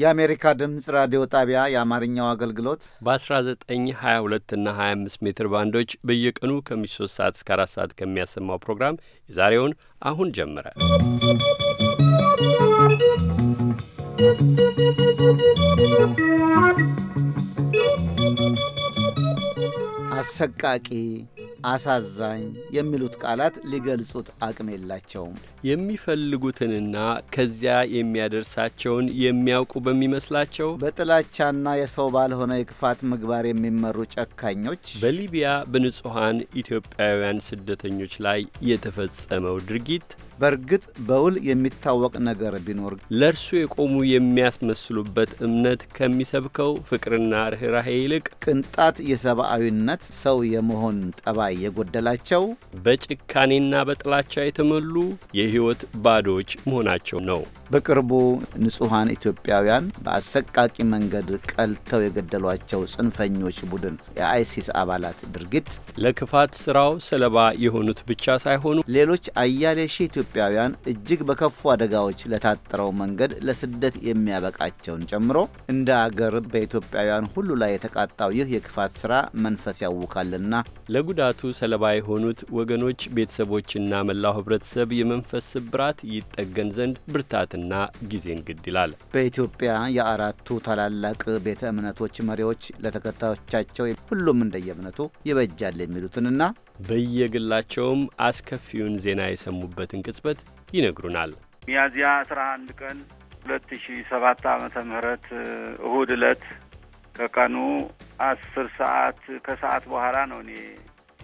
የአሜሪካ ድምፅ ራዲዮ ጣቢያ የአማርኛው አገልግሎት በ1922 እና 25 ሜትር ባንዶች በየቀኑ ከምሽቱ 3 ሰዓት እስከ 4 ሰዓት ከሚያሰማው ፕሮግራም የዛሬውን አሁን ጀመረ። አሰቃቂ አሳዛኝ የሚሉት ቃላት ሊገልጹት አቅም የላቸውም። የሚፈልጉትንና ከዚያ የሚያደርሳቸውን የሚያውቁ በሚመስላቸው በጥላቻና የሰው ባልሆነ የክፋት ምግባር የሚመሩ ጨካኞች በሊቢያ በንጹሐን ኢትዮጵያውያን ስደተኞች ላይ የተፈጸመው ድርጊት በእርግጥ በውል የሚታወቅ ነገር ቢኖር ለእርሱ የቆሙ የሚያስመስሉበት እምነት ከሚሰብከው ፍቅርና ርኅራሄ ይልቅ ቅንጣት የሰብአዊነት ሰው የመሆን ጠባይ የጎደላቸው በጭካኔና በጥላቻ የተሞሉ የሕይወት ባዶዎች መሆናቸው ነው። በቅርቡ ንጹሐን ኢትዮጵያውያን በአሰቃቂ መንገድ ቀልተው የገደሏቸው ጽንፈኞች ቡድን የአይሲስ አባላት ድርጊት ለክፋት ሥራው ሰለባ የሆኑት ብቻ ሳይሆኑ ሌሎች አያሌ ሺህ ኢትዮጵያውያን እጅግ በከፉ አደጋዎች ለታጠረው መንገድ ለስደት የሚያበቃቸውን ጨምሮ እንደ አገር በኢትዮጵያውያን ሁሉ ላይ የተቃጣው ይህ የክፋት ሥራ መንፈስ ያውካልና ለጉዳቱ ሰለባ የሆኑት ወገኖች ቤተሰቦችና መላው ህብረተሰብ የመንፈስ ስብራት ይጠገን ዘንድ ብርታትና ጊዜን ግድ ይላል። በኢትዮጵያ የአራቱ ታላላቅ ቤተ እምነቶች መሪዎች ለተከታዮቻቸው ሁሉም እንደየእምነቱ ይበጃል የሚሉትንና በየግላቸውም አስከፊውን ዜና የሰሙበትን ቅጽበት ይነግሩናል። ሚያዝያ 11 ቀን 207 ዓመተ ምህረት እሁድ ዕለት ከቀኑ አስር ሰዓት ከሰዓት በኋላ ነው እኔ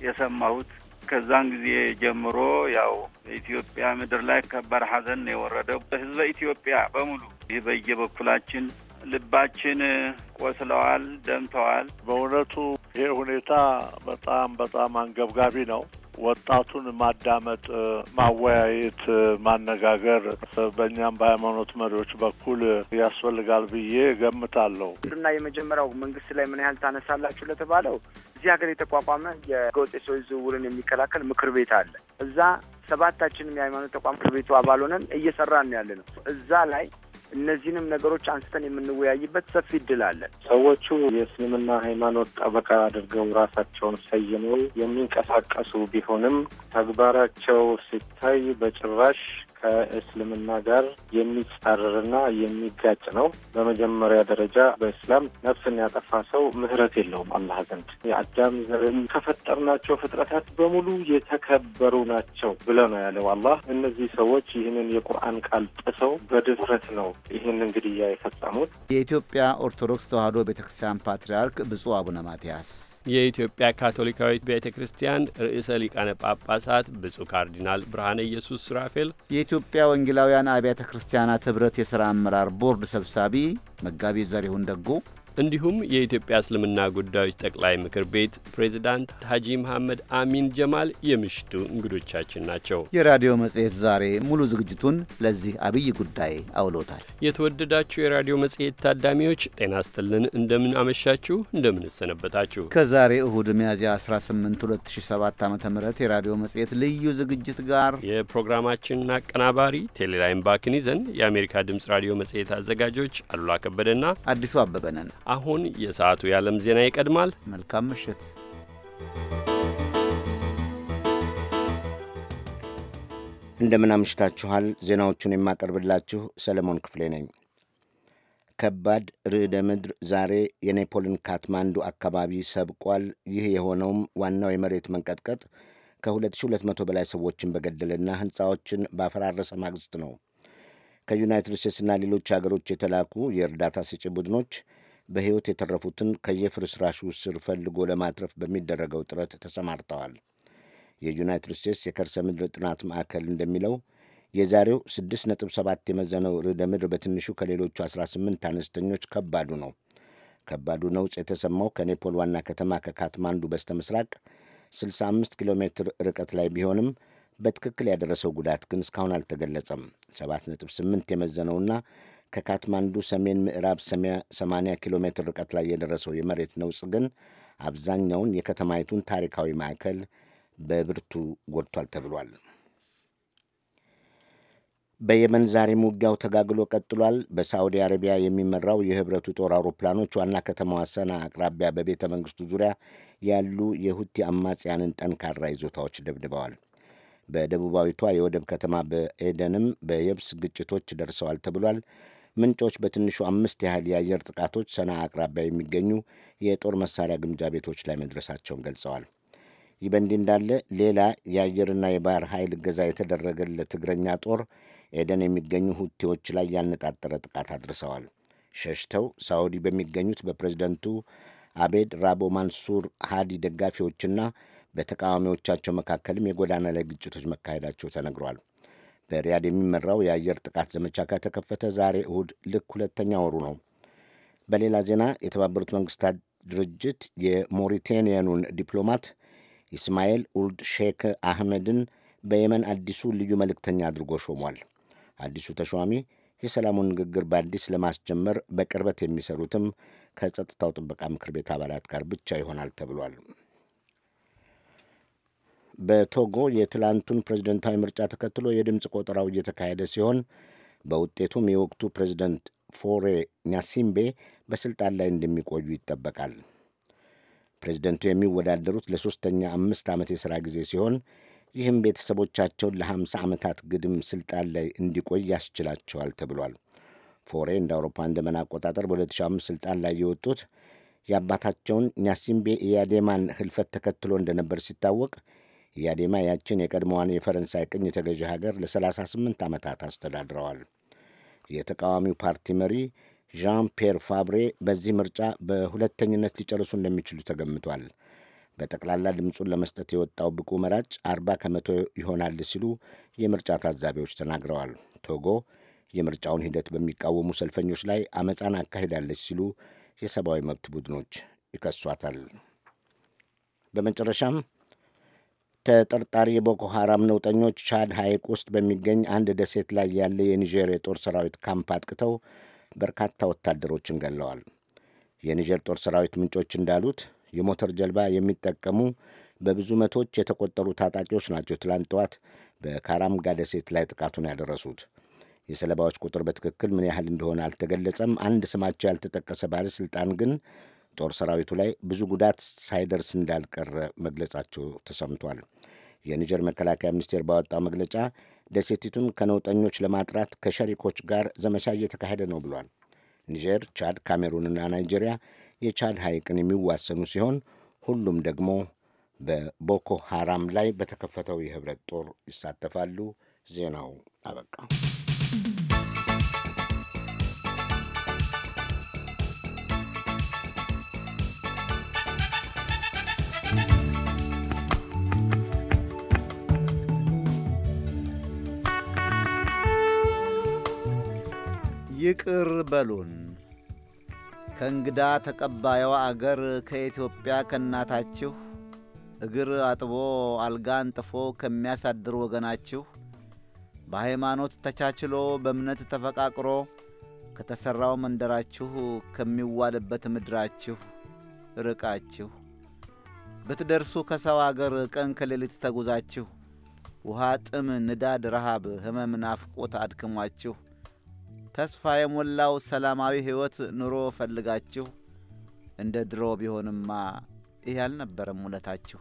የሰማሁት። ከዛን ጊዜ ጀምሮ ያው በኢትዮጵያ ምድር ላይ ከባድ ሐዘን ነው የወረደው በህዝበ ኢትዮጵያ በሙሉ ይህ በየበኩላችን ልባችን ቆስለዋል፣ ደምተዋል። በእውነቱ ይሄ ሁኔታ በጣም በጣም አንገብጋቢ ነው። ወጣቱን ማዳመጥ፣ ማወያየት፣ ማነጋገር በእኛም በሃይማኖት መሪዎች በኩል ያስፈልጋል ብዬ ገምታለሁ። አንዱና የመጀመሪያው መንግስት ላይ ምን ያህል ታነሳላችሁ ለተባለው እዚህ ሀገር የተቋቋመ የህገወጥ የሰዎች ዝውውርን የሚከላከል ምክር ቤት አለ። እዛ ሰባታችንም የሃይማኖት ተቋም ምክር ቤቱ አባል ሆነን እየሰራን ያለ ነው። እዛ ላይ እነዚህንም ነገሮች አንስተን የምንወያይበት ሰፊ እድል አለን። ሰዎቹ የእስልምና ሃይማኖት ጠበቃ አድርገው ራሳቸውን ሰይመው የሚንቀሳቀሱ ቢሆንም ተግባራቸው ሲታይ በጭራሽ ከእስልምና ጋር የሚጻረርና የሚጋጭ ነው። በመጀመሪያ ደረጃ በእስላም ነፍስን ያጠፋ ሰው ምህረት የለውም አላህ ዘንድ። የአዳም ዘርን ከፈጠርናቸው ፍጥረታት በሙሉ የተከበሩ ናቸው ብለ ነው ያለው አላህ። እነዚህ ሰዎች ይህንን የቁርአን ቃል ጥሰው በድፍረት ነው ይህን ግድያ የፈጸሙት። የኢትዮጵያ ኦርቶዶክስ ተዋህዶ ቤተክርስቲያን ፓትርያርክ ብፁዕ አቡነ ማትያስ የኢትዮጵያ ካቶሊካዊት ቤተ ክርስቲያን ርዕሰ ሊቃነ ጳጳሳት ብፁዕ ካርዲናል ብርሃነ ኢየሱስ ሱራፌል፣ የኢትዮጵያ ወንጌላውያን አብያተ ክርስቲያናት ኅብረት የሥራ አመራር ቦርድ ሰብሳቢ መጋቢ ዘሪሁን ደጎ፣ እንዲሁም የኢትዮጵያ እስልምና ጉዳዮች ጠቅላይ ምክር ቤት ፕሬዚዳንት ሀጂ መሐመድ አሚን ጀማል የምሽቱ እንግዶቻችን ናቸው። የራዲዮ መጽሔት ዛሬ ሙሉ ዝግጅቱን ለዚህ አብይ ጉዳይ አውሎታል። የተወደዳችሁ የራዲዮ መጽሔት ታዳሚዎች ጤና ይስጥልን። እንደምን አመሻችሁ፣ ሰነበታችሁ። ከዛሬ እሁድ ሚያዝያ 18 2007 ዓ ም የራዲዮ መጽሔት ልዩ ዝግጅት ጋር የፕሮግራማችንን አቀናባሪ ቴሌላይም ባክን ይዘን የአሜሪካ ድምፅ ራዲዮ መጽሔት አዘጋጆች አሉላ ከበደና አዲሱ አበበነን አሁን የሰዓቱ የዓለም ዜና ይቀድማል። መልካም ምሽት። እንደምን አምሽታችኋል። ዜናዎቹን የማቀርብላችሁ ሰለሞን ክፍሌ ነኝ። ከባድ ርዕደ ምድር ዛሬ የኔፖልን ካትማንዱ አካባቢ ሰብቋል። ይህ የሆነውም ዋናው የመሬት መንቀጥቀጥ ከ2200 በላይ ሰዎችን በገደለና ሕንፃዎችን ባፈራረሰ ማግስት ነው። ከዩናይትድ ስቴትስና ሌሎች አገሮች የተላኩ የእርዳታ ሰጪ ቡድኖች በሕይወት የተረፉትን ከየፍርስራሹ ስር ፈልጎ ለማትረፍ በሚደረገው ጥረት ተሰማርተዋል። የዩናይትድ ስቴትስ የከርሰ ምድር ጥናት ማዕከል እንደሚለው የዛሬው 6.7 የመዘነው ርዕደ ምድር በትንሹ ከሌሎቹ 18 አነስተኞች ከባዱ ነው። ከባዱ ነውጽ የተሰማው ከኔፖል ዋና ከተማ ከካትማንዱ በስተ ምስራቅ 65 ኪሎ ሜትር ርቀት ላይ ቢሆንም በትክክል ያደረሰው ጉዳት ግን እስካሁን አልተገለጸም። 7.8 የመዘነውና ከካትማንዱ ሰሜን ምዕራብ 80 ኪሎ ሜትር ርቀት ላይ የደረሰው የመሬት ነውጽ ግን አብዛኛውን የከተማይቱን ታሪካዊ ማዕከል በብርቱ ጎድቷል ተብሏል። በየመን ዛሬም ውጊያው ተጋግሎ ቀጥሏል። በሳዑዲ አረቢያ የሚመራው የህብረቱ ጦር አውሮፕላኖች ዋና ከተማዋ ሰና አቅራቢያ በቤተ መንግስቱ ዙሪያ ያሉ የሁቲ አማጽያንን ጠንካራ ይዞታዎች ደብድበዋል። በደቡባዊቷ የወደብ ከተማ በኤደንም በየብስ ግጭቶች ደርሰዋል ተብሏል። ምንጮች በትንሹ አምስት ያህል የአየር ጥቃቶች ሰና አቅራቢያ የሚገኙ የጦር መሳሪያ ግምጃ ቤቶች ላይ መድረሳቸውን ገልጸዋል። ይህ በእንዲህ እንዳለ ሌላ የአየርና የባህር ኃይል እገዛ የተደረገለት ትግረኛ ጦር ኤደን የሚገኙ ሁቴዎች ላይ ያነጣጠረ ጥቃት አድርሰዋል። ሸሽተው ሳውዲ በሚገኙት በፕሬዚደንቱ አቤድ ራቦ ማንሱር ሃዲ ደጋፊዎችና በተቃዋሚዎቻቸው መካከልም የጎዳና ላይ ግጭቶች መካሄዳቸው ተነግሯል። በሪያድ የሚመራው የአየር ጥቃት ዘመቻ ከተከፈተ ዛሬ እሁድ ልክ ሁለተኛ ወሩ ነው። በሌላ ዜና የተባበሩት መንግስታት ድርጅት የሞሪቴንያኑን ዲፕሎማት ኢስማኤል ኡልድ ሼክ አህመድን በየመን አዲሱ ልዩ መልእክተኛ አድርጎ ሾሟል። አዲሱ ተሿሚ የሰላሙን ንግግር በአዲስ ለማስጀመር በቅርበት የሚሰሩትም ከጸጥታው ጥበቃ ምክር ቤት አባላት ጋር ብቻ ይሆናል ተብሏል። በቶጎ የትላንቱን ፕሬዝደንታዊ ምርጫ ተከትሎ የድምፅ ቆጠራው እየተካሄደ ሲሆን በውጤቱም የወቅቱ ፕሬዝደንት ፎሬ ኛሲምቤ በስልጣን ላይ እንደሚቆዩ ይጠበቃል። ፕሬዝደንቱ የሚወዳደሩት ለሦስተኛ አምስት ዓመት የሥራ ጊዜ ሲሆን ይህም ቤተሰቦቻቸውን ለ ዓመታት ግድም ስልጣን ላይ እንዲቆይ ያስችላቸዋል ተብሏል። ፎሬ እንደ አውሮፓውያን ዘመን አቆጣጠር በ2005 ስልጣን ላይ የወጡት የአባታቸውን ኛሲምቤ ኢያዴማን ህልፈት ተከትሎ እንደነበር ሲታወቅ ኢያዴማ ያችን የቀድሞዋን የፈረንሳይ ቅኝ የተገዢ ሀገር ለ38 ዓመታት አስተዳድረዋል። የተቃዋሚው ፓርቲ መሪ ዣን ፒየር ፋብሬ በዚህ ምርጫ በሁለተኝነት ሊጨርሱ እንደሚችሉ ተገምቷል። በጠቅላላ ድምፁን ለመስጠት የወጣው ብቁ መራጭ 40 ከመቶ ይሆናል ሲሉ የምርጫ ታዛቢዎች ተናግረዋል። ቶጎ የምርጫውን ሂደት በሚቃወሙ ሰልፈኞች ላይ አመፃን አካሂዳለች ሲሉ የሰብአዊ መብት ቡድኖች ይከሷታል። በመጨረሻም ተጠርጣሪ የቦኮ ሐራም ነውጠኞች ቻድ ሐይቅ ውስጥ በሚገኝ አንድ ደሴት ላይ ያለ የኒጀር የጦር ሰራዊት ካምፕ አጥቅተው በርካታ ወታደሮችን ገለዋል። የኒጀር ጦር ሰራዊት ምንጮች እንዳሉት የሞተር ጀልባ የሚጠቀሙ በብዙ መቶች የተቆጠሩ ታጣቂዎች ናቸው ትላንት ጠዋት በካራምጋ ደሴት ላይ ጥቃቱን ያደረሱት። የሰለባዎች ቁጥር በትክክል ምን ያህል እንደሆነ አልተገለጸም። አንድ ስማቸው ያልተጠቀሰ ባለሥልጣን ግን ጦር ሰራዊቱ ላይ ብዙ ጉዳት ሳይደርስ እንዳልቀረ መግለጻቸው ተሰምቷል። የኒጀር መከላከያ ሚኒስቴር ባወጣው መግለጫ ደሴቲቱን ከነውጠኞች ለማጥራት ከሸሪኮች ጋር ዘመቻ እየተካሄደ ነው ብሏል። ኒጀር፣ ቻድ፣ ካሜሩንና ናይጄሪያ የቻድ ሐይቅን የሚዋሰኑ ሲሆን ሁሉም ደግሞ በቦኮ ሐራም ላይ በተከፈተው የህብረት ጦር ይሳተፋሉ። ዜናው አበቃ። ይቅር በሉን። ከእንግዳ ተቀባዩዋ አገር ከኢትዮጵያ ከእናታችሁ እግር አጥቦ አልጋ አንጥፎ ከሚያሳድር ወገናችሁ በሃይማኖት ተቻችሎ በእምነት ተፈቃቅሮ ከተሠራው መንደራችሁ ከሚዋልበት ምድራችሁ ርቃችሁ ብትደርሱ ከሰው አገር ቀን ከሌሊት ተጉዛችሁ ውሃ ጥም፣ ንዳድ፣ ረሃብ፣ ሕመም፣ ናፍቆት አድክሟችሁ ተስፋ የሞላው ሰላማዊ ሕይወት ኑሮ ፈልጋችሁ እንደ ድሮ ቢሆንማ ይህ አልነበረም ውለታችሁ።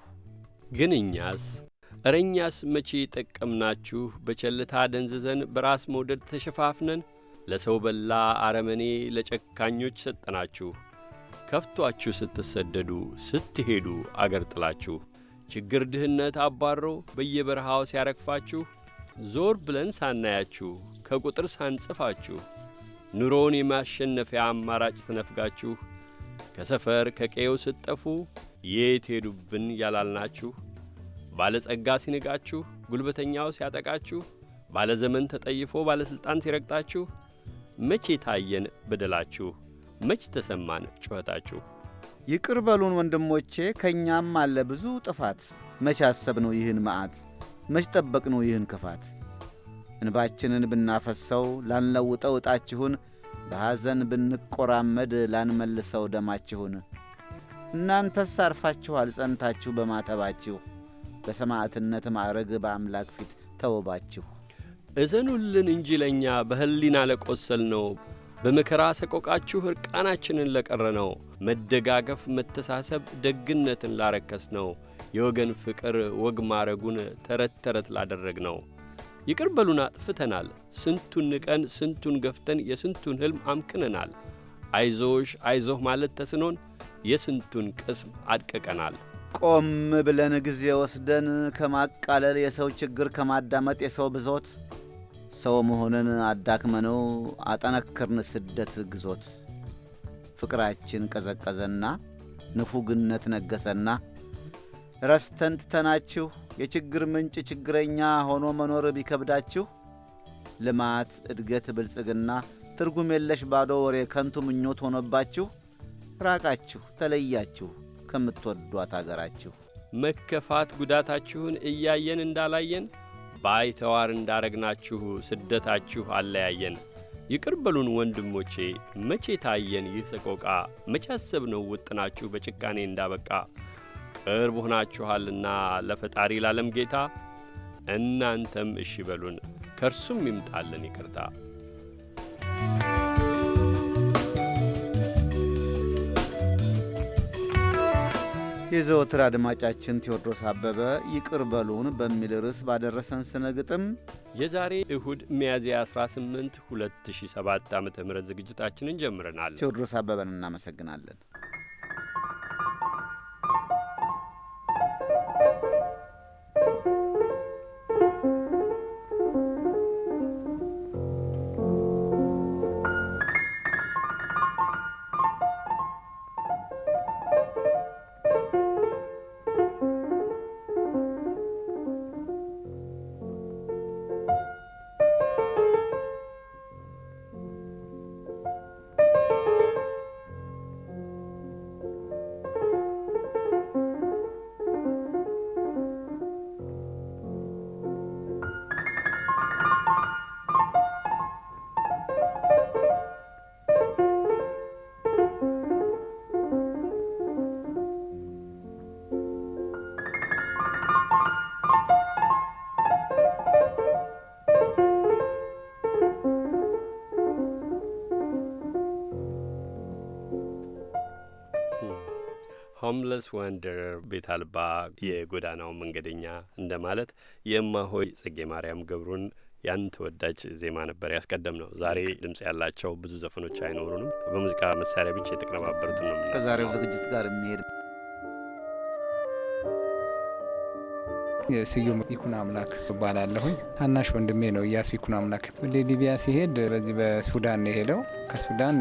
ግን እኛስ እረኛስ መቼ ጠቀምናችሁ? በቸልታ ደንዝዘን በራስ መውደድ ተሸፋፍነን ለሰው በላ አረመኔ ለጨካኞች ሰጠናችሁ። ከፍቷችሁ ስትሰደዱ ስትሄዱ አገር ጥላችሁ ችግር ድህነት አባሮ በየበረሃው ሲያረግፋችሁ ዞር ብለን ሳናያችሁ ከቁጥር ሳንጽፋችሁ ኑሮውን የማሸነፊያ አማራጭ ትነፍጋችሁ ከሰፈር ከቀየው ስትጠፉ የት ሄዱብን ያላልናችሁ ባለጸጋ ሲንቃችሁ፣ ጉልበተኛው ሲያጠቃችሁ፣ ባለዘመን ተጠይፎ ባለሥልጣን ሲረግጣችሁ መቼ ታየን በደላችሁ፣ መች ተሰማን ጩኸታችሁ። ይቅር በሉን ወንድሞቼ፣ ከእኛም አለ ብዙ ጥፋት። መች አሰብነው ይህን መዓት፣ መች ጠበቅነው ይህን ክፋት። እንባችንን ብናፈሰው ላንለውጠው ዕጣችሁን፣ በሐዘን ብንቆራመድ ላንመልሰው ደማችሁን። እናንተስ አርፋችኋል ጸንታችሁ በማተባችሁ፣ በሰማዕትነት ማዕረግ በአምላክ ፊት ተውባችሁ። እዘኑልን እንጂ ለእኛ በሕሊና ለቆሰል ነው በመከራ ሰቆቃችሁ እርቃናችንን ለቀረ ነው። መደጋገፍ መተሳሰብ ደግነትን ላረከስ ነው። የወገን ፍቅር ወግ ማረጉን ተረት ተረት ላደረግ ነው። ይቅር በሉን አጥፍተናል። ስንቱን ንቀን፣ ስንቱን ገፍተን፣ የስንቱን ሕልም አምክነናል። አይዞሽ አይዞህ ማለት ተስኖን የስንቱን ቅስም አድቅቀናል። ቆም ብለን ጊዜ ወስደን ከማቃለል፣ የሰው ችግር ከማዳመጥ፣ የሰው ብዞት ሰው መሆንን አዳክመነው አጠነክርን ስደት ግዞት ፍቅራችን ቀዘቀዘና ንፉግነት ነገሰና ረስተን ትተናችሁ የችግር ምንጭ ችግረኛ ሆኖ መኖር ቢከብዳችሁ ልማት፣ እድገት፣ ብልጽግና ትርጉም የለሽ ባዶ ወሬ፣ ከንቱ ምኞት ሆኖባችሁ ራቃችሁ፣ ተለያችሁ ከምትወዷት አገራችሁ። መከፋት ጉዳታችሁን እያየን እንዳላየን ባይተዋር እንዳረግናችሁ ስደታችሁ አለያየን። ይቅር በሉን ወንድሞቼ፣ መቼ ታየን ይህ ሰቆቃ? መቼ አሰብነው ውጥናችሁ በጭካኔ እንዳበቃ ቅርብ ሆናችኋልና ለፈጣሪ ላለም ጌታ እናንተም እሺ በሉን ከእርሱም ይምጣልን ይቅርታ። የዘወትር አድማጫችን ቴዎድሮስ አበበ ይቅር በሉን በሚል ርዕስ ባደረሰን ስነ ግጥም የዛሬ እሁድ ሚያዝያ 18 2007 ዓ ም ዝግጅታችንን ጀምረናል። ቴዎድሮስ አበበን እናመሰግናለን። ሃምለስ ወንደር ቤት አልባ የጎዳናው መንገደኛ እንደማለት የማሆይ ጽጌ ማርያም ገብሩን ያን ተወዳጅ ዜማ ነበር ያስቀደም ነው። ዛሬ ድምጽ ያላቸው ብዙ ዘፈኖች አይኖሩንም። በሙዚቃ መሳሪያ ብቻ የተቀነባበሩትን ነው ከዛሬው ዝግጅት ጋር የሚሄድ ስዩም ይኩን አምላክ እባላለሁኝ። ታናሽ ወንድሜ ነው እያሱ ይኩን አምላክ። ወደ ሊቢያ ሲሄድ በዚህ በሱዳን ነው የሄደው። ከሱዳን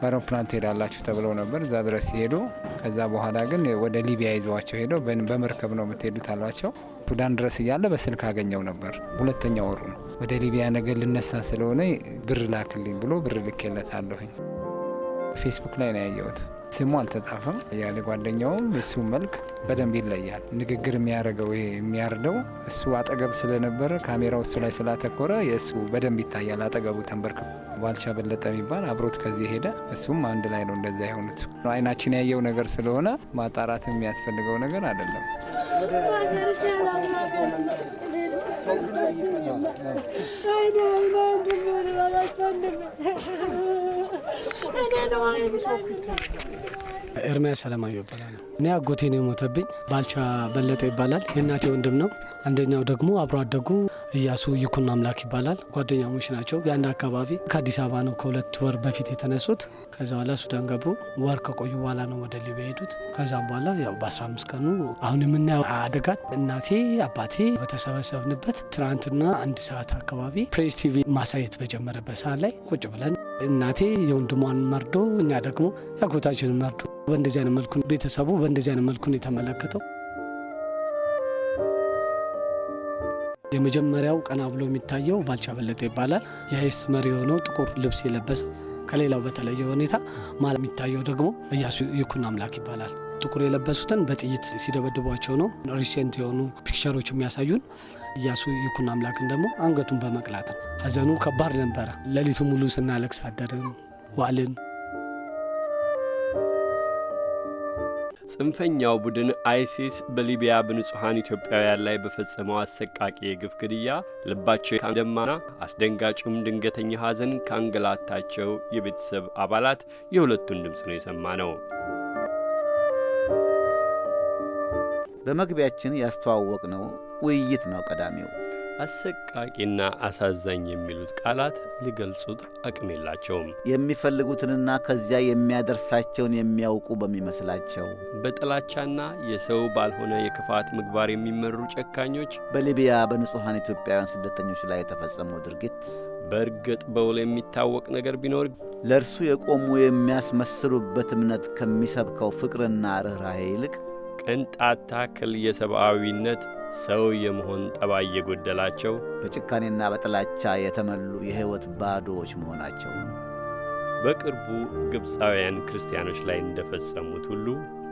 በአውሮፕላን ትሄዳላችሁ ተብለው ነበር እዛ ድረስ ሲሄዱ፣ ከዛ በኋላ ግን ወደ ሊቢያ ይዘዋቸው ሄደው በመርከብ ነው የምትሄዱት አሏቸው። ሱዳን ድረስ እያለ በስልክ አገኘው ነበር። ሁለተኛ ወሩ ነው። ወደ ሊቢያ ነገር ልነሳ ስለሆነ ብር ላክልኝ ብሎ ብር ልኬለታለሁኝ። ፌስቡክ ላይ ነው ያየሁት። ስሙ አልተጻፈም ያለ ጓደኛውም እሱ መልክ በደንብ ይለያል። ንግግር የሚያደርገው ይሄ የሚያርደው እሱ አጠገብ ስለነበረ ካሜራው እሱ ላይ ስላተኮረ የእሱ በደንብ ይታያል። አጠገቡ ተንበርክ ባልቻ በለጠ የሚባል አብሮት ከዚህ ሄደ። እሱም አንድ ላይ ነው እንደዛ የሆኑት። አይናችን ያየው ነገር ስለሆነ ማጣራት የሚያስፈልገው ነገር አይደለም። ኤርሚያስ ሰለማዮ ይባላል። እኔ አጎቴ ነው የሞተብኝ። ባልቻ በለጠ ይባላል። የእናቴ ወንድም ነው። አንደኛው ደግሞ አብሮ አደጉ እያሱ ይኩን አምላክ ይባላል። ጓደኛሞች ናቸው። የአንድ አካባቢ ከአዲስ አበባ ነው ከሁለት ወር በፊት የተነሱት። ከዛ በኋላ ሱዳን ገቡ። ወር ከቆዩ በኋላ ነው ወደ ሊቢያ ሄዱት። ከዛም በኋላ ያው በ15 ቀኑ አሁን የምናየው አደጋ እናቴ አባቴ በተሰበሰብንበት ትናንትና አንድ ሰዓት አካባቢ ፕሬስ ቲቪ ማሳየት በጀመረበት ሰዓት ላይ ቁጭ ብለን እናቴ የወንድሟን መርዶ፣ እኛ ደግሞ ያጎታችንን መርዶ በእንደዚህ አይነት መልኩ ቤተሰቡ በእንደዚህ አይነት መልኩ የተመለከተው የመጀመሪያው ቀና ብሎ የሚታየው ባልቻ በለጠ ይባላል። የአይስ መሪ የሆነው ጥቁር ልብስ የለበሰው ከሌላው በተለየ ሁኔታ ማል የሚታየው ደግሞ እያሱ ይኩን አምላክ ይባላል። ጥቁር የለበሱትን በጥይት ሲደበድቧቸው ነው። ሪሴንት የሆኑ ፒክቸሮች የሚያሳዩን እያሱ ይኩን አምላክን ደግሞ አንገቱን በመቅላት ነው። ሀዘኑ ከባድ ነበረ። ሌሊቱ ሙሉ ስናለቅስ አደርን ዋልን። ጽንፈኛው ቡድን አይሲስ በሊቢያ በንጹሐን ኢትዮጵያውያን ላይ በፈጸመው አሰቃቂ የግፍ ግድያ ልባቸው ካደማና አስደንጋጩም ድንገተኛ ሐዘን ካንገላታቸው የቤተሰብ አባላት የሁለቱን ድምፅ ነው የሰማ ነው። በመግቢያችን ያስተዋወቅ ነው ውይይት ነው ቀዳሚው። አሰቃቂና አሳዛኝ የሚሉት ቃላት ሊገልጹት አቅም የላቸውም። የሚፈልጉትንና ከዚያ የሚያደርሳቸውን የሚያውቁ በሚመስላቸው በጥላቻና የሰው ባልሆነ የክፋት ምግባር የሚመሩ ጨካኞች በሊቢያ በንጹሐን ኢትዮጵያውያን ስደተኞች ላይ የተፈጸመው ድርጊት በእርግጥ በውል የሚታወቅ ነገር ቢኖር ለእርሱ የቆሙ የሚያስመስሉበት እምነት ከሚሰብከው ፍቅርና ርኅራሄ ይልቅ ቅንጣት ታክል የሰብአዊነት ሰው የመሆን ጠባይ የጎደላቸው በጭካኔና በጥላቻ የተመሉ የሕይወት ባዶዎች መሆናቸው በቅርቡ ግብፃውያን ክርስቲያኖች ላይ እንደፈጸሙት ሁሉ